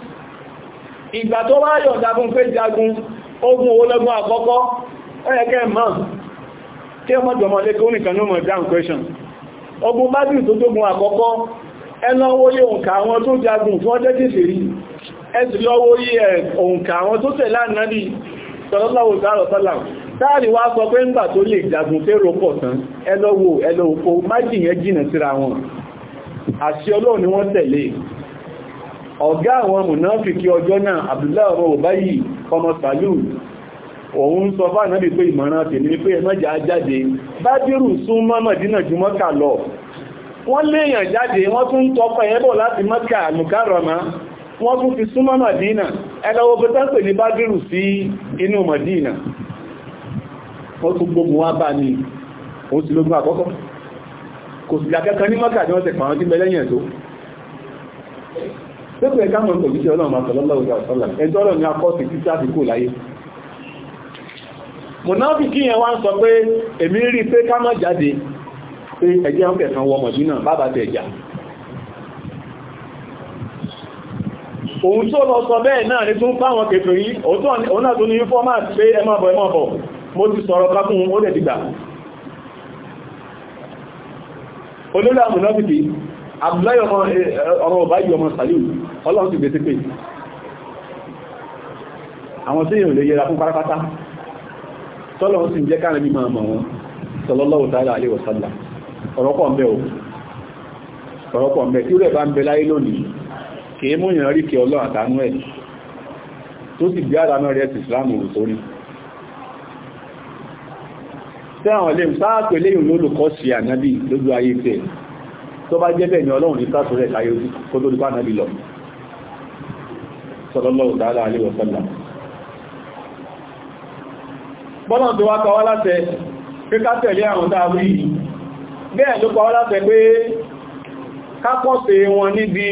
ìgbà tó wá yọ̀dá fún pé jagun ogun ológun àkọ́kọ́ ẹ̀ẹ́kẹ́ mọ́ kí ọmọ jọmọ lẹ́kọ́ nìkan ní ọmọ down question ogun bá dì tó tógun àkọ́kọ́ ẹlọ́wọ́ yí òǹkà àwọn tó jagun tí wọ́n jẹ́ kìsì rí ẹ̀sì lọ́wọ́ yí òǹkà àwọn tó tẹ̀lé ànábì sọ̀rọ̀lọ́wọ́ sàrọ̀sọ́là táàrí wá sọ pé ńgbà tó lè jagun fẹ́rọ pọ̀ tán ẹlọ́wọ́ ẹlọ́wọ́ májì yẹn jìnà síra wọn àṣì ọlọ́run ni wọ́n tẹ̀lé ọ̀gá àwọn mùnáfíkí ọjọ́ náà Abdullahi ọmọ Ubayy ọmọ òun sọ náà bí ìmọ̀ràn tèmi ní pé ẹmọ́jà jáde Bádírù súnmọ́ Mádínà ju Mọ́kà lọ wọ́n léèyàn jáde wọ́n tún tọpa ẹ̀bọ̀ láti Mọ́kà wọ́n tún fi súnmọ́ ẹlọ́wọ́ sí inú lókè ẹ̀ká mọ̀ tòbí sí ọlọ́run àtọ̀lọ́lọ́wọ́ ìgbàsọ́lá ẹjọ́ ọ̀rọ̀ ni akọ́sì títí àfikò láyé mọ̀náfíkì yẹn wá sọ pé èmi rí pé ká má jáde pé ẹjẹ́ ń kan wọ mọ̀dínà lọ sọ bẹ́ẹ̀ náà ní tún Abdullahi eh, ọmọ ọba yìí ọmọ Salim ọlọ́run ti gbèsè pé àwọn tí yìí lè yẹra fún pátápátá tọ́lọ́run sì ń jẹ́ káàrin mímọ̀ àmọ̀ wọn sallallahu ta'ala alaihi wasallam ọ̀rọ̀pọ̀ ń bẹ o ọ̀rọ̀pọ̀ ń bẹ tí ó rẹ̀ bá ń bẹ láyé lónìí kì í múyàn rí kí ọlọ́run àtàánú ẹ̀ tó sì bí àdánú rẹ̀ sí ìsìláàmù òtórí tẹ́ àwọn ilé ìsáàpẹ̀ lẹ́yìn lólùkọ́ sí ànábì lójú ayé tẹ̀ tó bá jẹ́ bẹ́ẹ̀ ni ọlọ́run ní sáàtò rẹ̀ káyé ojú kó tó dípá náà lílọ sallallahu ta'ala alaihi wa sallam bọ́lọ̀n tó wá kọ wá láṣẹ pé ká tẹ̀lé àwọn tá a wí bẹ́ẹ̀ ló kọ wá láṣẹ pé kápọ̀sẹ̀ wọn níbi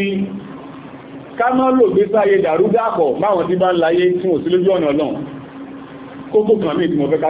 ká má lò gbé sáyé dàrúdàpọ̀ báwọn tí bá ń láyé fún òsílójú ọ̀nà ọlọ́run kókó kan mí tí mo fẹ́ ká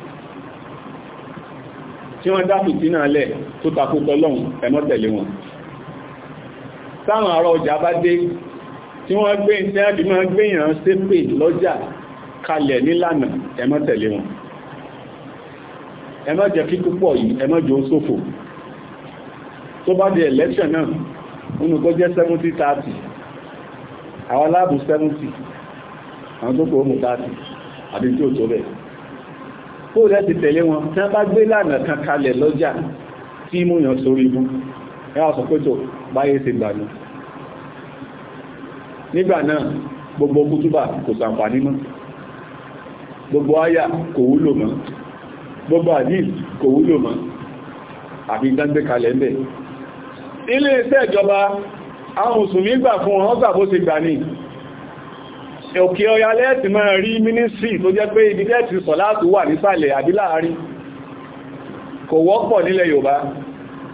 tí wọ́n dá fìtínà lẹ̀ tó takò tọ́lọ́hun ẹ má tẹ̀lé wọn táwọn ará ọjà bá dé tí wọ́n gbé iṣẹ́ àbí máa gbéyàn ṣépè lọ́jà kalẹ̀ nílànà ẹ má tẹ̀lé wọn ẹ má jẹ́ kí púpọ̀ yìí ẹ má jẹ́ ó ṣòfò tó bá di election náà nínú kó jẹ́ 70-30 àwọn aláàbù 70 àwọn tó kò ó mú 30 àbí tí ó tó bẹ́ẹ̀ kó rẹ̀ ti tẹ̀lé wọn tí wọ́n bá gbé lànà kan kalẹ̀ lọ́jà tí mú yàn sórí ibú ẹ sọ pé tó báyé ti gbà ní nígbà náà gbogbo kútúbà kò ṣàǹfààní mọ́ gbogbo àyà kò wúlò mọ́ gbogbo àdìs kò wúlò mọ́ àbí gbẹ́gbẹ́ kalẹ̀ ń bẹ̀ ilé iṣẹ́ ìjọba àwọn òsùn nígbà fún wọn bó ti gbà ní òkè ọya lẹ́ẹ̀tì máa rí mínísírì tó jẹ́ pé ibi tẹ́ẹ̀tì sọ láti wà nísàlẹ̀ àbí láàárín kò wọ́pọ̀ nílẹ̀ Yorùbá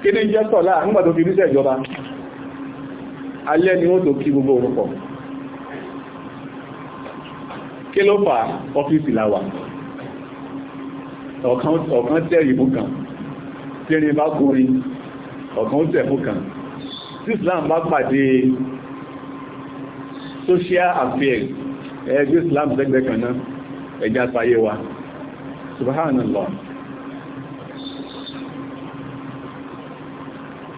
kí ní jẹ́ sọ̀lá nígbà tó fi ríṣẹ̀ ìjọba alẹ́ ni ó tó kí gbogbo orúkọ kí ló fà ọ́fíìsì láwà ọ̀kan tẹ́ ìbú kan tí rí bá kórí ọ̀kan tẹ́ ìbú kan tí social affairs ẹgbẹ́ islam sẹ́gbẹ́ kan náà ẹjá sáyé wa subhanallah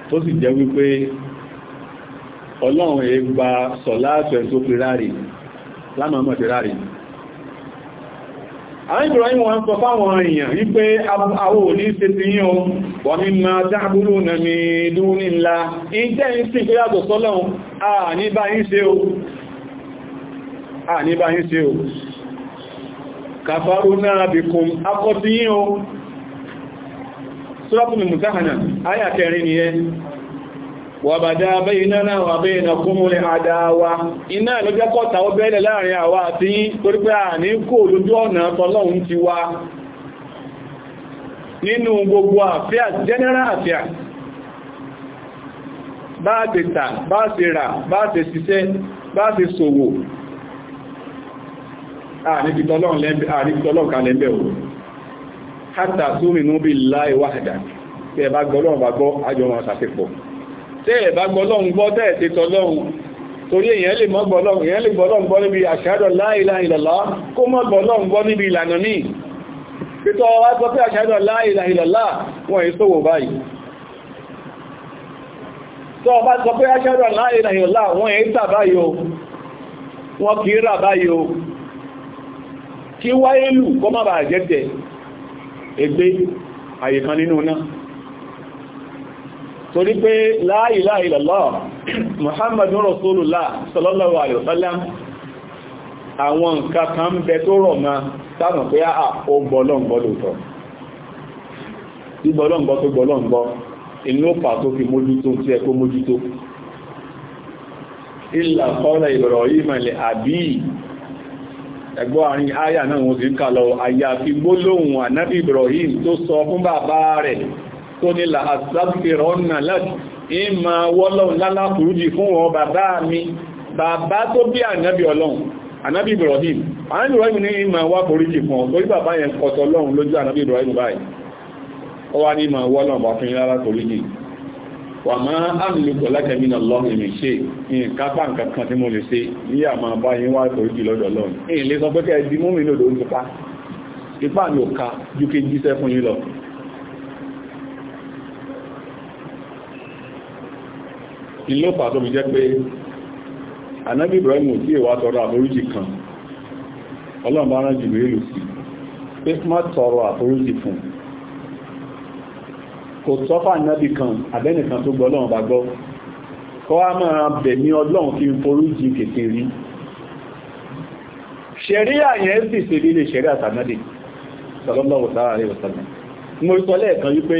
tó sì jẹ́ wípé ọlọ́run èé gba sọ̀láàtọ̀ ẹ̀ tó fi ráre lánàmọ̀ ti ráre àwọn ìbìrọ̀yìn wọn sọ fáwọn èèyàn wípé àwọ̀ ní ṣe ti yí o wà ní ma dáàbúrú na ní ńlá ìjẹ́ a ní bá yín ṣe o kàfàrú náà bí kún akọ́sí yín o sọ́pùnù mùsáhànà ayà kẹrin ni ẹ wàbàdá bẹ́yìn náà wà bẹ́yìn na kún múlẹ̀ àdáwà iná ló jẹ́ kọ́ta ó bẹ́ẹ̀lẹ̀ láàrin àwa àti yín à ní kò lójú ọ̀nà tọ́lọ́hun ti wá nínú gbogbo àfíà general àfíà bá ti tà bá ti rà bá ti ṣiṣẹ́ bá ti ṣòwò àníbi tọ́lọ́n kalẹ̀ bẹ̀ o hátà súnmì ní bí láì wáhàdà tẹ́ ẹ̀bá gbọ́lọ́n bá gbọ́ ajọmọ̀ àtàtẹ́pọ̀ tẹ́ ẹ̀bá gbọ́lọ́n gbọ́ tẹ́ẹ̀tẹ́ tọ́lọ́n torí èyàn lè mọ́ gbọ́lọ́n gbọ́ níbi ashhadu la ilaha illallah kó mọ́ gbọ́lọ́n gbọ́ níbi ìlànà ní pẹ́tọ́ wá gbọ́ pé ashhadu la ilaha illallah wọ́n èso wò báyìí tọ́ ọba gbọ́ pé ashhadu la ilaha illallah wọ́n èé tà wọ́n kìí rà báyìí kí wáyélù kọ́ má bàá jẹ́tẹ̀ ẹgbẹ́ àyè kan nínú náà torí pé la ilaha illallah muhammadun rasulullah sallallahu alaihi wasallam àwọn nǹkan kan bẹ tó rọ̀ ma sáàmù pé a ah, ó gbọ́lọ́ǹgbọ́ lóòtọ́ gbígbọ́lọ́ǹgbọ́ tó gbọ́lọ́ǹgbọ́ inú pa tó fi mójútó tí ẹ ẹgbọ́ àrin àyà náà wọ́n sì ń kàlọ̀ àyàfi gbólóhùn ànábì Ibrahim tó sọ fún bàbá rẹ̀ tó ní làásàbìrọ̀ ọ̀nà láti ìmọ̀ wọ́lọ́un lálàkùrújì fún wọn bàbá mi bàbá tó bí ànábì ọlọ́run ànábì Ibrahim ànábì Ibrahim ní ìmọ̀ wá foríjì fún ọ torí bàbá yẹn kọtọ wà máa àmìlùkù lákẹ̀mínà lọ́rùn mi ṣe ìkápá nǹkan kan tí mo lè ṣe ní àmà bá yín wá ìkòrí jù lọ́dọ̀ lọ́rùn èyí lè sọ pé kẹ́ di mú mi lòdò ń tipa ipá mi ò ka ju kí jíṣẹ́ fún yín lọ ìlópa tó fi jẹ́ pé anábì Ibrahim tí èwà tọrọ àforíjì kan kò sọ́fà nábì kan àbẹ́nìkan tó gbọ́ ọlọ́run bá gbọ́ kọ́ á máa bẹ̀mí ọlọ́run fi ń forí jì kèké rí ṣẹ̀ríà yẹn sì ṣe lílé ṣẹ̀ríà tànádì sallallahu alaihi wasallam mo sọ lẹ́ẹ̀kan wípé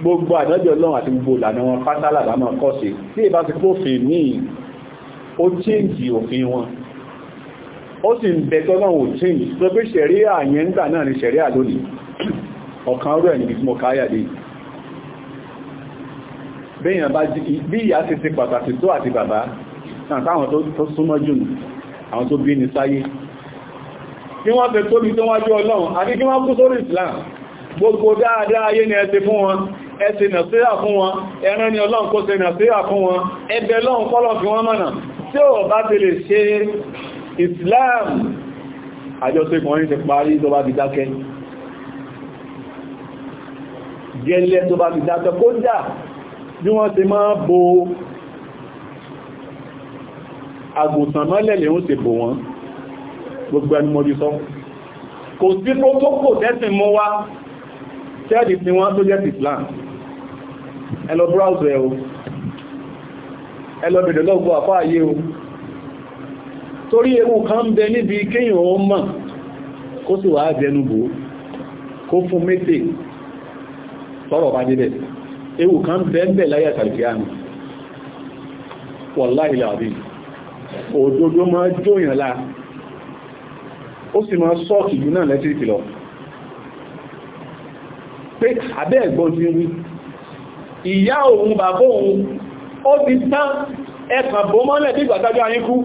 gbogbo àdájọ́ ọlọ́run àti gbogbo ìlànà wọn pátálà bá máa kọ́ sí tí ìbá ti kófin ní ó chéǹjì òfin wọn ó sì ń bẹ tọ́lọ́run ò chéǹjì tó pé ṣẹ̀ríà yẹn nígbà náà ni ṣẹ̀ríà lónìí ọ̀kan rẹ̀ níbi tí mo káyà dé yìí bẹ́yàn bá bí ìyá ti ti pàtàkì tó àti bàbá àtàwọn tó súnmọ́ jù àwọn tó bí ní sáyé kí wọ́n fẹ́ tóbi tó wájú ọlọ́run àti kí wọ́n kú sórí Islam gbogbo dáadáa ayé ni ẹsẹ fún wọn ẹsẹ nàṣírà fún wọn ẹran ni ọlọ́run kó ṣe nàṣírà fún wọn ẹgbẹ́ ọlọ́run kọ́lọ̀ fi wọ́n mọ̀nà tí ó bá ti lè ṣe Islam àjọṣepọ̀ yìí ti parí tó bá ti dákẹ́ gẹ́lẹ́ tó bá ti dákẹ́ kó dáa bí wọ́n ti máa bo àgùntàn mọ́lẹ̀lẹ̀ ó ti bò wọ́n gbogbo ẹni mọ́ bí sọ kò sí protocol tẹ́sìn mọ́ wá tẹ́ẹ̀dì tí wọ́n tó jẹ́ ti plan ẹ lọ browser ẹ̀ o ẹ lọ bèèrè lọ́gbọ́ àfá ayé o torí ewu kan bẹ níbi kéyàn ó mọ̀ kó sì wà á jẹnubò kó fún mété tọ́rọ̀ bá débẹ̀ ewu kan bẹ́ẹ̀bẹ̀ láyà tàbíyàmì wọ̀láì làbí òdodo máa jóyàn láà ó sì máa sọ́ọ̀kì jù náà lẹ́tìrìkì lọ pé àbẹ́ ẹ̀gbọ́n ti rí ìyá òun bàbá òun ó ti tán ẹ̀kàn bó mọ́lẹ̀ bí ìgbàtàjọ́ ayínkú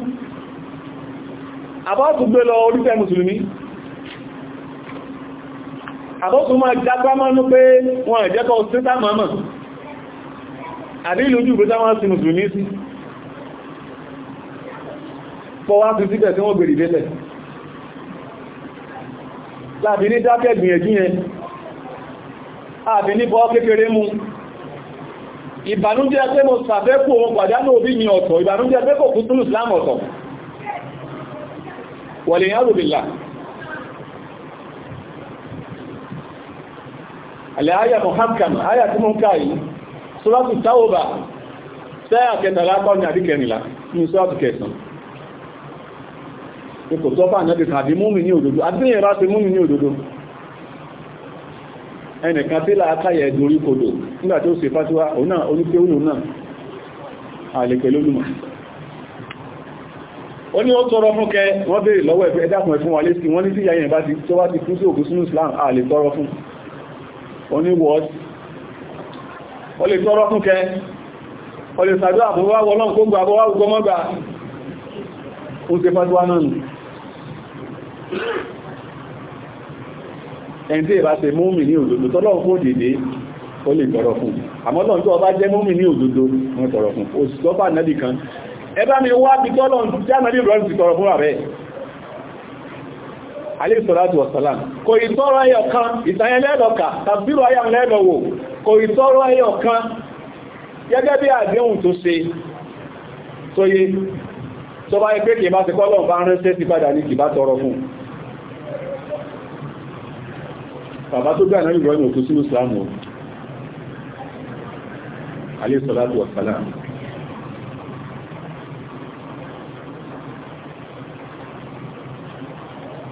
àbọ́tù gbé lọ orífẹ́ mùsùlùmí àbọ́tù máa jágbá mọ́nú pé wọ́n ẹ̀jẹ́kọ́ sí mọ́mọ́ àbí ìlú jùgbé táwọn sí mùsùlùmí sí pọ̀wá sí síbẹ̀ tí wọ́n gbèrè délẹ̀ láàbí ní dákẹ́ gbìyànjú yẹn àbí ní bọ́ kékeré mú ìbànújẹ́ pé mo sàfẹ́kù ohun pàdánù òbí mi ọ̀tọ̀ ìbànújẹ́ pé kò kú túnú Islam ọ̀tọ̀ wọ̀lẹ̀ yán rùbìlà àlẹ́ àyà Muhammad àyà tí mo ń káyìí sọ́lọ́tù táwọ́bà sẹ́yà kẹtàlá kọ́ ní àdíkẹrìnlá ní sọ́lọ́tù kẹsàn kò tọ́ fà náà kẹsàn àbí múmi ní òdodo àdíyàn bá ti múmi ní òdodo ẹnìkan tí láàkáyẹ̀ dorí kodò nígbà tí ó ṣe fásiwá ọ̀nà oníkéhùnù náà àlèkè lólùmọ̀ ó ní ó tọrọ fún kẹ wọ́n bèèrè lọ́wọ́ ẹ̀fẹ́ ẹ̀dàkùn ẹ̀fún wa lé sí wọ́n ní sí o lè tọrọ fún kẹ o lè sàdọ́ àbúwá wọlọ́n kó gbà bọ́wá gbogbo mọ́gbà ó ti fàtíwá náà nù ẹni tí ìbá ṣe múmi ní òdòdó tọ́lọ́ fún òdèdé ó lè tọrọ fún àmọ́lọ́n tó ọba jẹ́ múmi ní òdòdó wọ́n tọrọ fún òṣìṣọ́ bá nẹ́bì kan ẹbá mi wá bí tọ́lọ́ jánàbí ìbọ̀lọ́n ti tọrọ fún ààrẹ alẹ́sọ̀láàtù ọ̀sọ̀lá kò ìtọ́rọ ayọ̀ kan ìtàyẹlẹ́ẹ̀lọ́ka tàbírò ayọ̀ lẹ́ẹ̀lọ́wọ́ kò ìtọ́rọ ẹyọ kan gẹ́gẹ́ bí àdéhùn tó ṣe tó yé tó bá ẹgbẹ́ kìí bá ti kọ́ lọ́n bá ń rẹ́sẹ́ sí padà ní kìí bá tọrọ fún bàbá tó gbà náà ìrọ̀yìn òkú sínú ìsìlámù alayhi salatu wa salam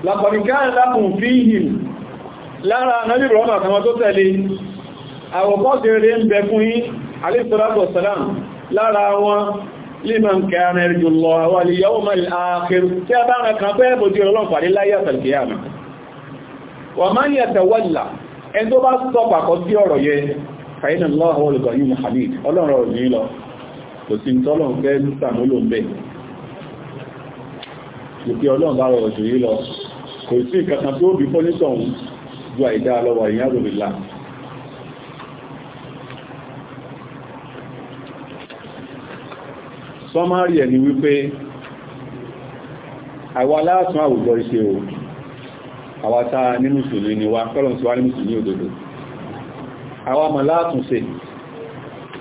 lápọ̀nìká lápùn fíhìn lára náà ìrọ̀mà kan tó tẹ̀lé àwọ̀kọ́sí rẹ̀ ń bẹ fún yí alẹ́sọ́lápọ̀ sàlám lára wọn liman kana yarju Allah wal yawmal akhir tí a bá rẹ̀ kan fẹ́ bójú ọlọ́pàá láyé àtàlkìyàmà wa man yatawalla ẹni tó bá sọ pàkọ́ sí ọ̀rọ̀ yẹ fa inna Allaha huwal ghaniyyul hamid ọlọ́rọ̀ ní lọ kò sí tọ́lọ̀ fẹ́ sàmúlò ń jù yí lọ kò sí ìkàkàn sọmárì ẹni wípé àwa aláàtún àwùjọ iṣẹ́ o àwa tá ní mùsùlùmí ni wa kọ́lọ̀ sí wá ní mùsùlùmí òdodo àwa mọ̀ láàtún ṣe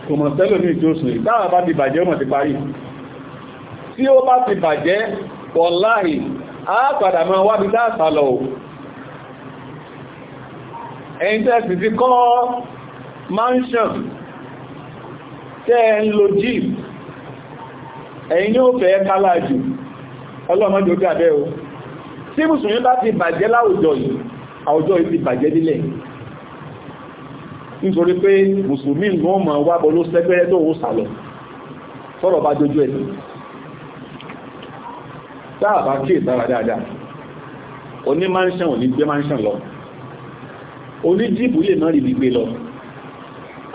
kò mọ̀ sẹ́lò ní ìjọsùn ìtàwà bá ti bàjẹ́ mọ̀ ti parí tí ó bá ti bàjẹ́ wọláhì á padà máa wábi láàtà lọ ẹ̀yìn tẹ́sì ti kọ́ mansion tẹ́ ń lo jíìpù ẹ̀yin yóò fẹ́ kálá jù ọlọ́mọdé ojú abẹ́ o tí mùsùlùmí bá ti bàjẹ́ láwùjọ yìí àwùjọ yìí ti bàjẹ́ nílẹ̀ nítorí pé mùsùlùmí gan mọ̀ wábọ̀ ló sẹ́gbẹ́rẹ́ tó wó sàlọ̀ sọ́rọ̀ bá dojú ẹ̀ dáàbá kí ìsára dáadáa oní mansion ò ní gbé mansion lọ oní jíìpù lè má rí gbígbé lọ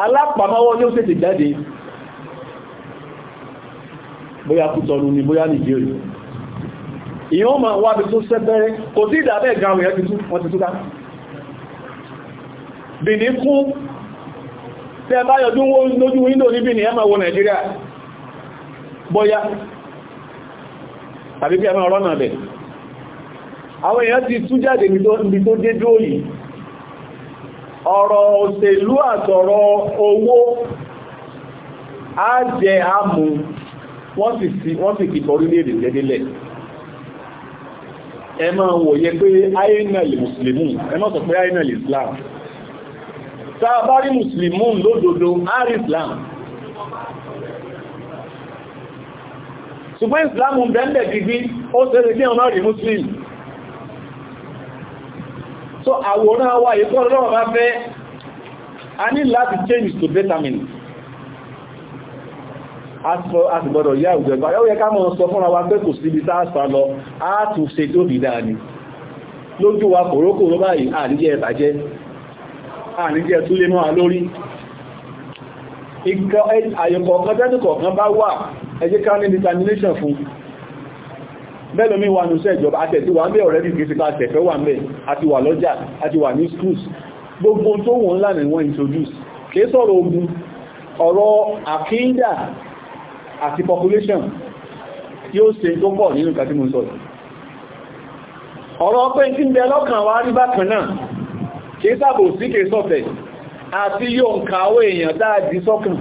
alápàmáwọ́ ni ó tètè jáde bóyá kútọ̀nù ni bóyá nìjírí ìyàn ma wà bí tó sẹ́bẹ̀rẹ̀ kò sí ìdàbẹ̀ ìgbàmù ẹ̀ wọ́n ti túká bìní kún tẹ́ bá yọdún lójú wíńdò ní ẹmà wọ nàìjíríà bóyá tàbí bí ẹmà ọ̀rọ̀ òṣèlú wọ́n sì sí wọ́n sì kìtọ̀ orílẹ̀-èdè tẹ́lẹ̀ ẹ máa wòye pé ainal muslimun ẹ má sọ pé ainal islam tá a bá rí muslimun lódodo á rí islam ṣùgbọ́n islam ń bẹ́ẹ̀ gidi ó tẹ́lẹ̀ kí ọmọ rí muslim so àwòrán wa ìkọ́ lọ́wọ́ bá fẹ́ a ní láti change to better betterment àtìgbọ́dọ̀ yá àwùjọ ìgbà yọ́ yẹ ká mọ́ sọ fúnra wa pé kò síbi tá a sá lọ á tún ṣe tó bì dáa ni lójú wa kòrókò ló báyìí àníjẹ́ ìbàjẹ́ àníjẹ́ túlé mọ́ lórí àyọ̀kọ̀ọ̀kan tẹ́tùkọ̀ọ̀kan bá wà ẹ jẹ́ ká ní determination fún bẹ́lọ mi wà ní iṣẹ́ ìjọba àtẹ̀tí wà ń bẹ̀ ọ̀rẹ́dì kìí sípa àtẹ̀fẹ́ wà ń bẹ̀ àti wà lọ́jà àti wà ní schools gbogbo tó wọ́n ńlá ni wọ́n introduce kìí sọ̀rọ̀ ogun ọ̀rọ̀ àkíńdà àti population tí ó ṣe tó pọ̀ nínú kàtí mú sọ́rọ̀ ọ̀rọ̀ pé tí ń bẹ lọ́kàn wá rí bákan náà kí sàbò sí kè sọ́fẹ̀ àti yóò ń kàwé èèyàn dáadì sọ́kàn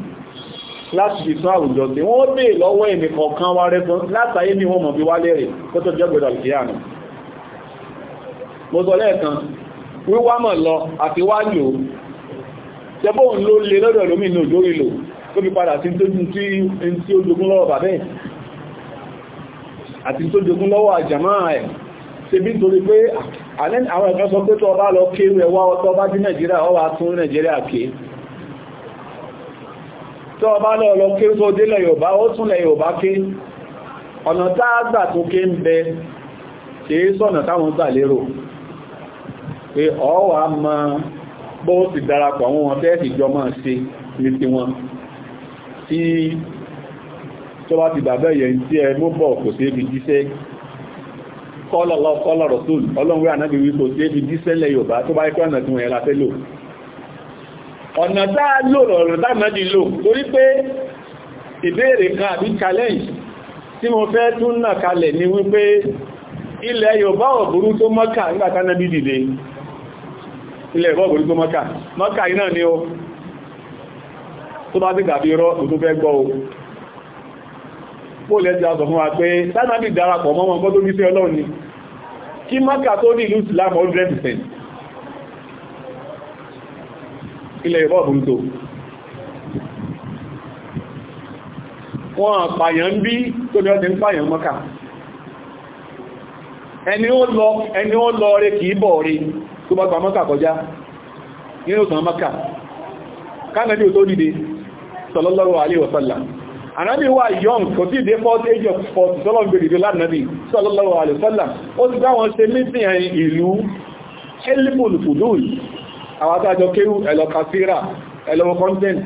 láti fi tún àwùjọ sí wọ́n dè lọ́wọ́ èmì kọ̀ọ̀kan wá rẹ́fún látàyé ní wọ́n mọ̀ bí wá lẹ́rẹ̀ tó tó jẹ́ gbọ́dọ̀ kìí àná mo sọ lẹ́ẹ̀kan wíwá mọ̀ lọ àti wá lò tẹ́bọ̀n ló le lọ́dọ̀ lómìnà lórí lò tó fi padà sí tí ó jogún lọ́wọ́ bàbẹ́ àti tó jogún lọ́wọ́ àjàmá ẹ̀ ṣe bí torí pé àwọn ẹ̀kan sọ pé tó ọba lọ kéwù ẹwà ọtọ́ bá dí nàìjíríà ọwà tún nàìjíríà ké tó ọba lọ lọ kéwù tó délẹ̀ Yorùbá ó túnlẹ̀ Yorùbá ké ọ̀nà táàgbà tó ké ń bẹ bó ti darapọ̀ àwọn wọn tẹ́ẹ̀sì jọ máa ṣe ní ti wọn tí tó bá ti dàbẹ́ yẹn tí ẹ mú bọ̀ kò sí ibi jíṣẹ́ kọ́lọ̀lọ́ rọ̀tún ọlọ́run ànábì wí kò sí ibi jíṣẹ́ lẹ Yorùbá tó bá ikọ́ ọ̀nà tí wọ́n yẹn la fẹ́ lò ọ̀nà tá a lò ọ̀nà tá a mẹ́jì lò torí pé ìbéèrè kan àbí challenge tí mo fẹ́ tún nà kalẹ̀ ni wípé ilẹ̀ Yorùbá ọ̀bùrú tó Mọ́kà nígbàtánà bí dìde ilẹ̀ Yorùbá ọ̀bùrú tó Mọ́kà Mọ́kà iná ni ó tó bá dìgbà bí rọ́ fẹ́ gbọ́ o lẹ́ ti àsọ̀ fún wa pé sánàbì darapọ̀ mọ́ wọn gbọ́dọ̀ ọlọ́run ni kí maka tó ní ìlú 100% ilẹ̀ ìbọ̀ wọn pàyàn bí tó ní ọdún pàyàn ẹni ó lọ rẹ kìí bọ̀ rí tó bá kọjá nínú sallallahu alaihi wasallam ànábì wà young kò tí dé fọ́t age of 40 sọ́lọ́n gbèrèdè lánàbì sallallahu alaihi wasallam O ti dáwọn ṣe mítìn ilu helpful fudul àwọn àtàjọ kéwù ẹ̀lọ kàfíra ẹ̀lọ content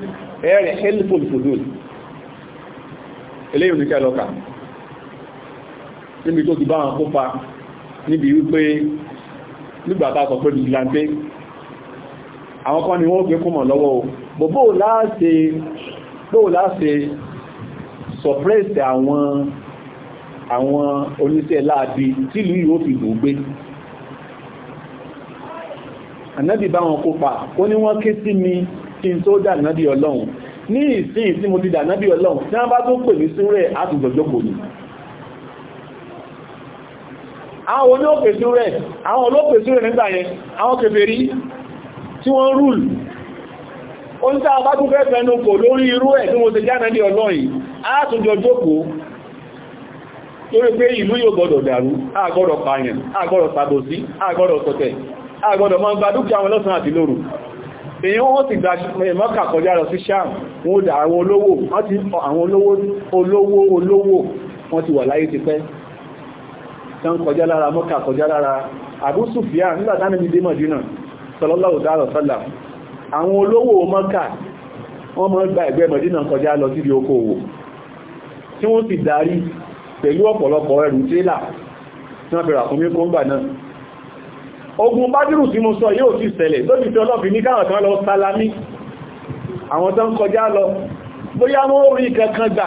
ẹ̀rẹ̀ helpful fudul eléyìn oníkẹ́ lọ́kà níbi tó ti bá wọn kópa níbi wípé nígbàtà sọ pé vigilante àwọn kan ni wọ́n gbé kúmọ̀ lọ́wọ́ o bòbó láàáṣe bóò láṣe sọ̀pẹ́sì àwọn àwọn oníṣẹ́ láàbí tílù yìí ó fi bò gbé ànábì bá wọn kópa ó ní wọ́n ké sí mi kí n tó dà nábì ọlọ́run ní ìsìn tí mo ti dà nábì ọlọ́run tí wọ́n bá tó pè mí súnrẹ̀ àtùjọjọ́pò ni àwọn olóòpèsúrẹ̀ àwọn olóòpèsúrẹ̀ nígbà yẹn àwọn kèfèrí tí wọ́n rúùlù ó ń tá a bá tún fẹ́ fẹ́nu kò lórí irú ẹ̀ tí mo ṣe jáde ní ọlọ́yìn àátúnjọ jókòó lórí pé ìlú yóò gbọdọ̀ dàrú àgọ́dọ̀ pààyàn àgọ́dọ̀ ṣàbòsí àgọ́dọ̀ ṣọ̀tẹ̀ àgọ́dọ̀ máa gba dúkìá wọn lọ́sàn àti lóru èyí wọ́n ti gba mọ́kà kọjá lọ sí sáàmù wọ́n dà àwọn olówó àwọn olówó olówó olówó wọ́n ti wà láyé ti pẹ́ tán kọjá lára mọ́kà kọjá lára Abu Sufyan nígbàtánà ní dé Mọ̀dínà sallallahu alaihi wasallam àwọn olówó mọ́kà wọ́n mọ́ gba ẹ̀gbẹ́ mọ̀dínà kọjá lọ sí okòwò tí wọ́n ti darí pẹ̀lú ọ̀pọ̀lọpọ̀ ẹrù télà tí wọ́n bẹ̀rẹ̀ àkúnmí kóńgbà náà ogun bádìrù tí mo sọ yóò ti ṣẹlẹ̀ lóbi tí ọlọ́fin ní káwọn tán lọ sálámí àwọn tán kọjá lọ bóyá wọ́n rí kankan gbà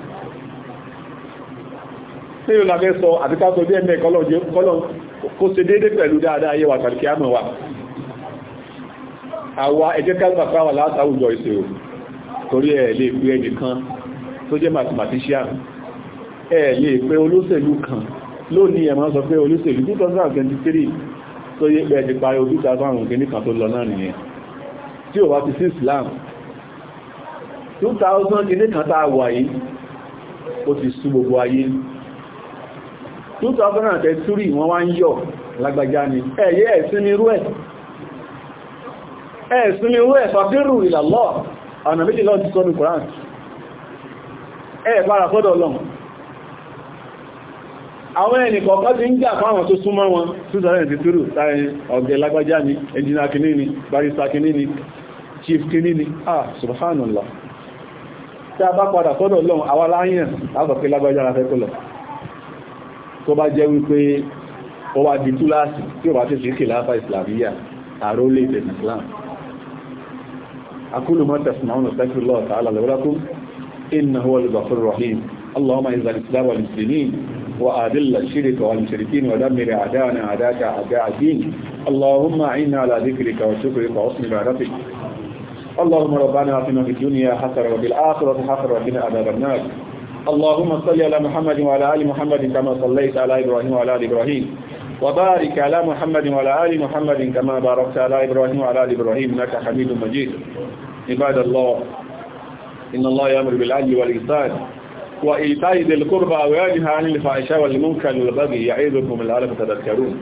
nílò lábẹ́ sọ àti káàkiri bí ẹ̀mẹ́ kọ́lọ̀ kó ṣe dédé pẹ̀lú dáadáa yẹwà tàbí àmọ́ wa àwa ẹjẹ́ káàkiri wà látàwùjọ ìṣòro torí ẹ̀ lè pé ẹnìkan tó jẹ́ mathematician ẹ̀ lè pé olóṣèlú kan lónìí ẹ̀mọ́ sọ pé olóṣèlú 2023 tó yẹ pé ẹ̀dì parí ojú 2000 kan tó lọ náà nìyẹn tí ò wá ti sí Islam 2000 ilé kan tá a wà yìí ó ti sú gbogbo ayé 2003 wọ́n wá ń yọ̀ lágbàjá ni ẹ̀yẹ́ ẹ̀sìn irú ẹ̀ ẹ̀sìn irú ẹ̀ fàbírù ìlàlọ́ ọ̀nà méjì lọ́dí sọ́nù Koran ẹ̀ fara fọ́dọ̀ lọ àwọn ẹnìkọ̀ọ̀kan ti ń jà fáwọn tó súnmọ́ wọn 2003 sáyẹn ọ̀gẹ̀ lágbàjá ni ẹjìnà kìíní ni barista kìíní ni chief kìíní ni ah subhanallah tí a bá padà fọ́dọ̀ lọ́wọ́ àwọn aláyẹ̀ lágbàjá tó bá jẹ́ wípé ó wá di túláàsì tí ó bá tẹ́ ṣíkè láàfà ìsìlàmíyà àró lè tẹ̀ islam akúlù mọ́ tẹ̀sìmáwọn ọ̀sẹ́kìrìlọ́ ta'ala lọ́wọ́lákún inna huwa al-ghafur rahim allahumma izza al-islam wal muslimin wa adilla ash-shirk wal اللهم ربنا في الدنيا حسنه وفي الاخره حسنه وقنا عذاب النار اللهم صل على محمد وعلى آل محمد كما صليت على إبراهيم وعلى آل إبراهيم وبارك على محمد وعلى آل محمد كما باركت على إبراهيم وعلى آل إبراهيم إنك حميد مجيد عباد الله إن الله يأمر بالعدل والإحسان وإيتاء ذي القربى وينهى عن الفحشاء والمنكر والبغي يعظكم لعلكم تذكرون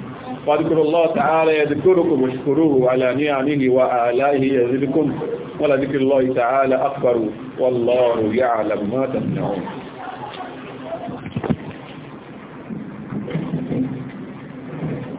واذكروا الله تعالى يذكركم واشكروه على نعمه وآلائه يزدكم ولذكر الله تعالى أكبر والله يعلم ما تصنعون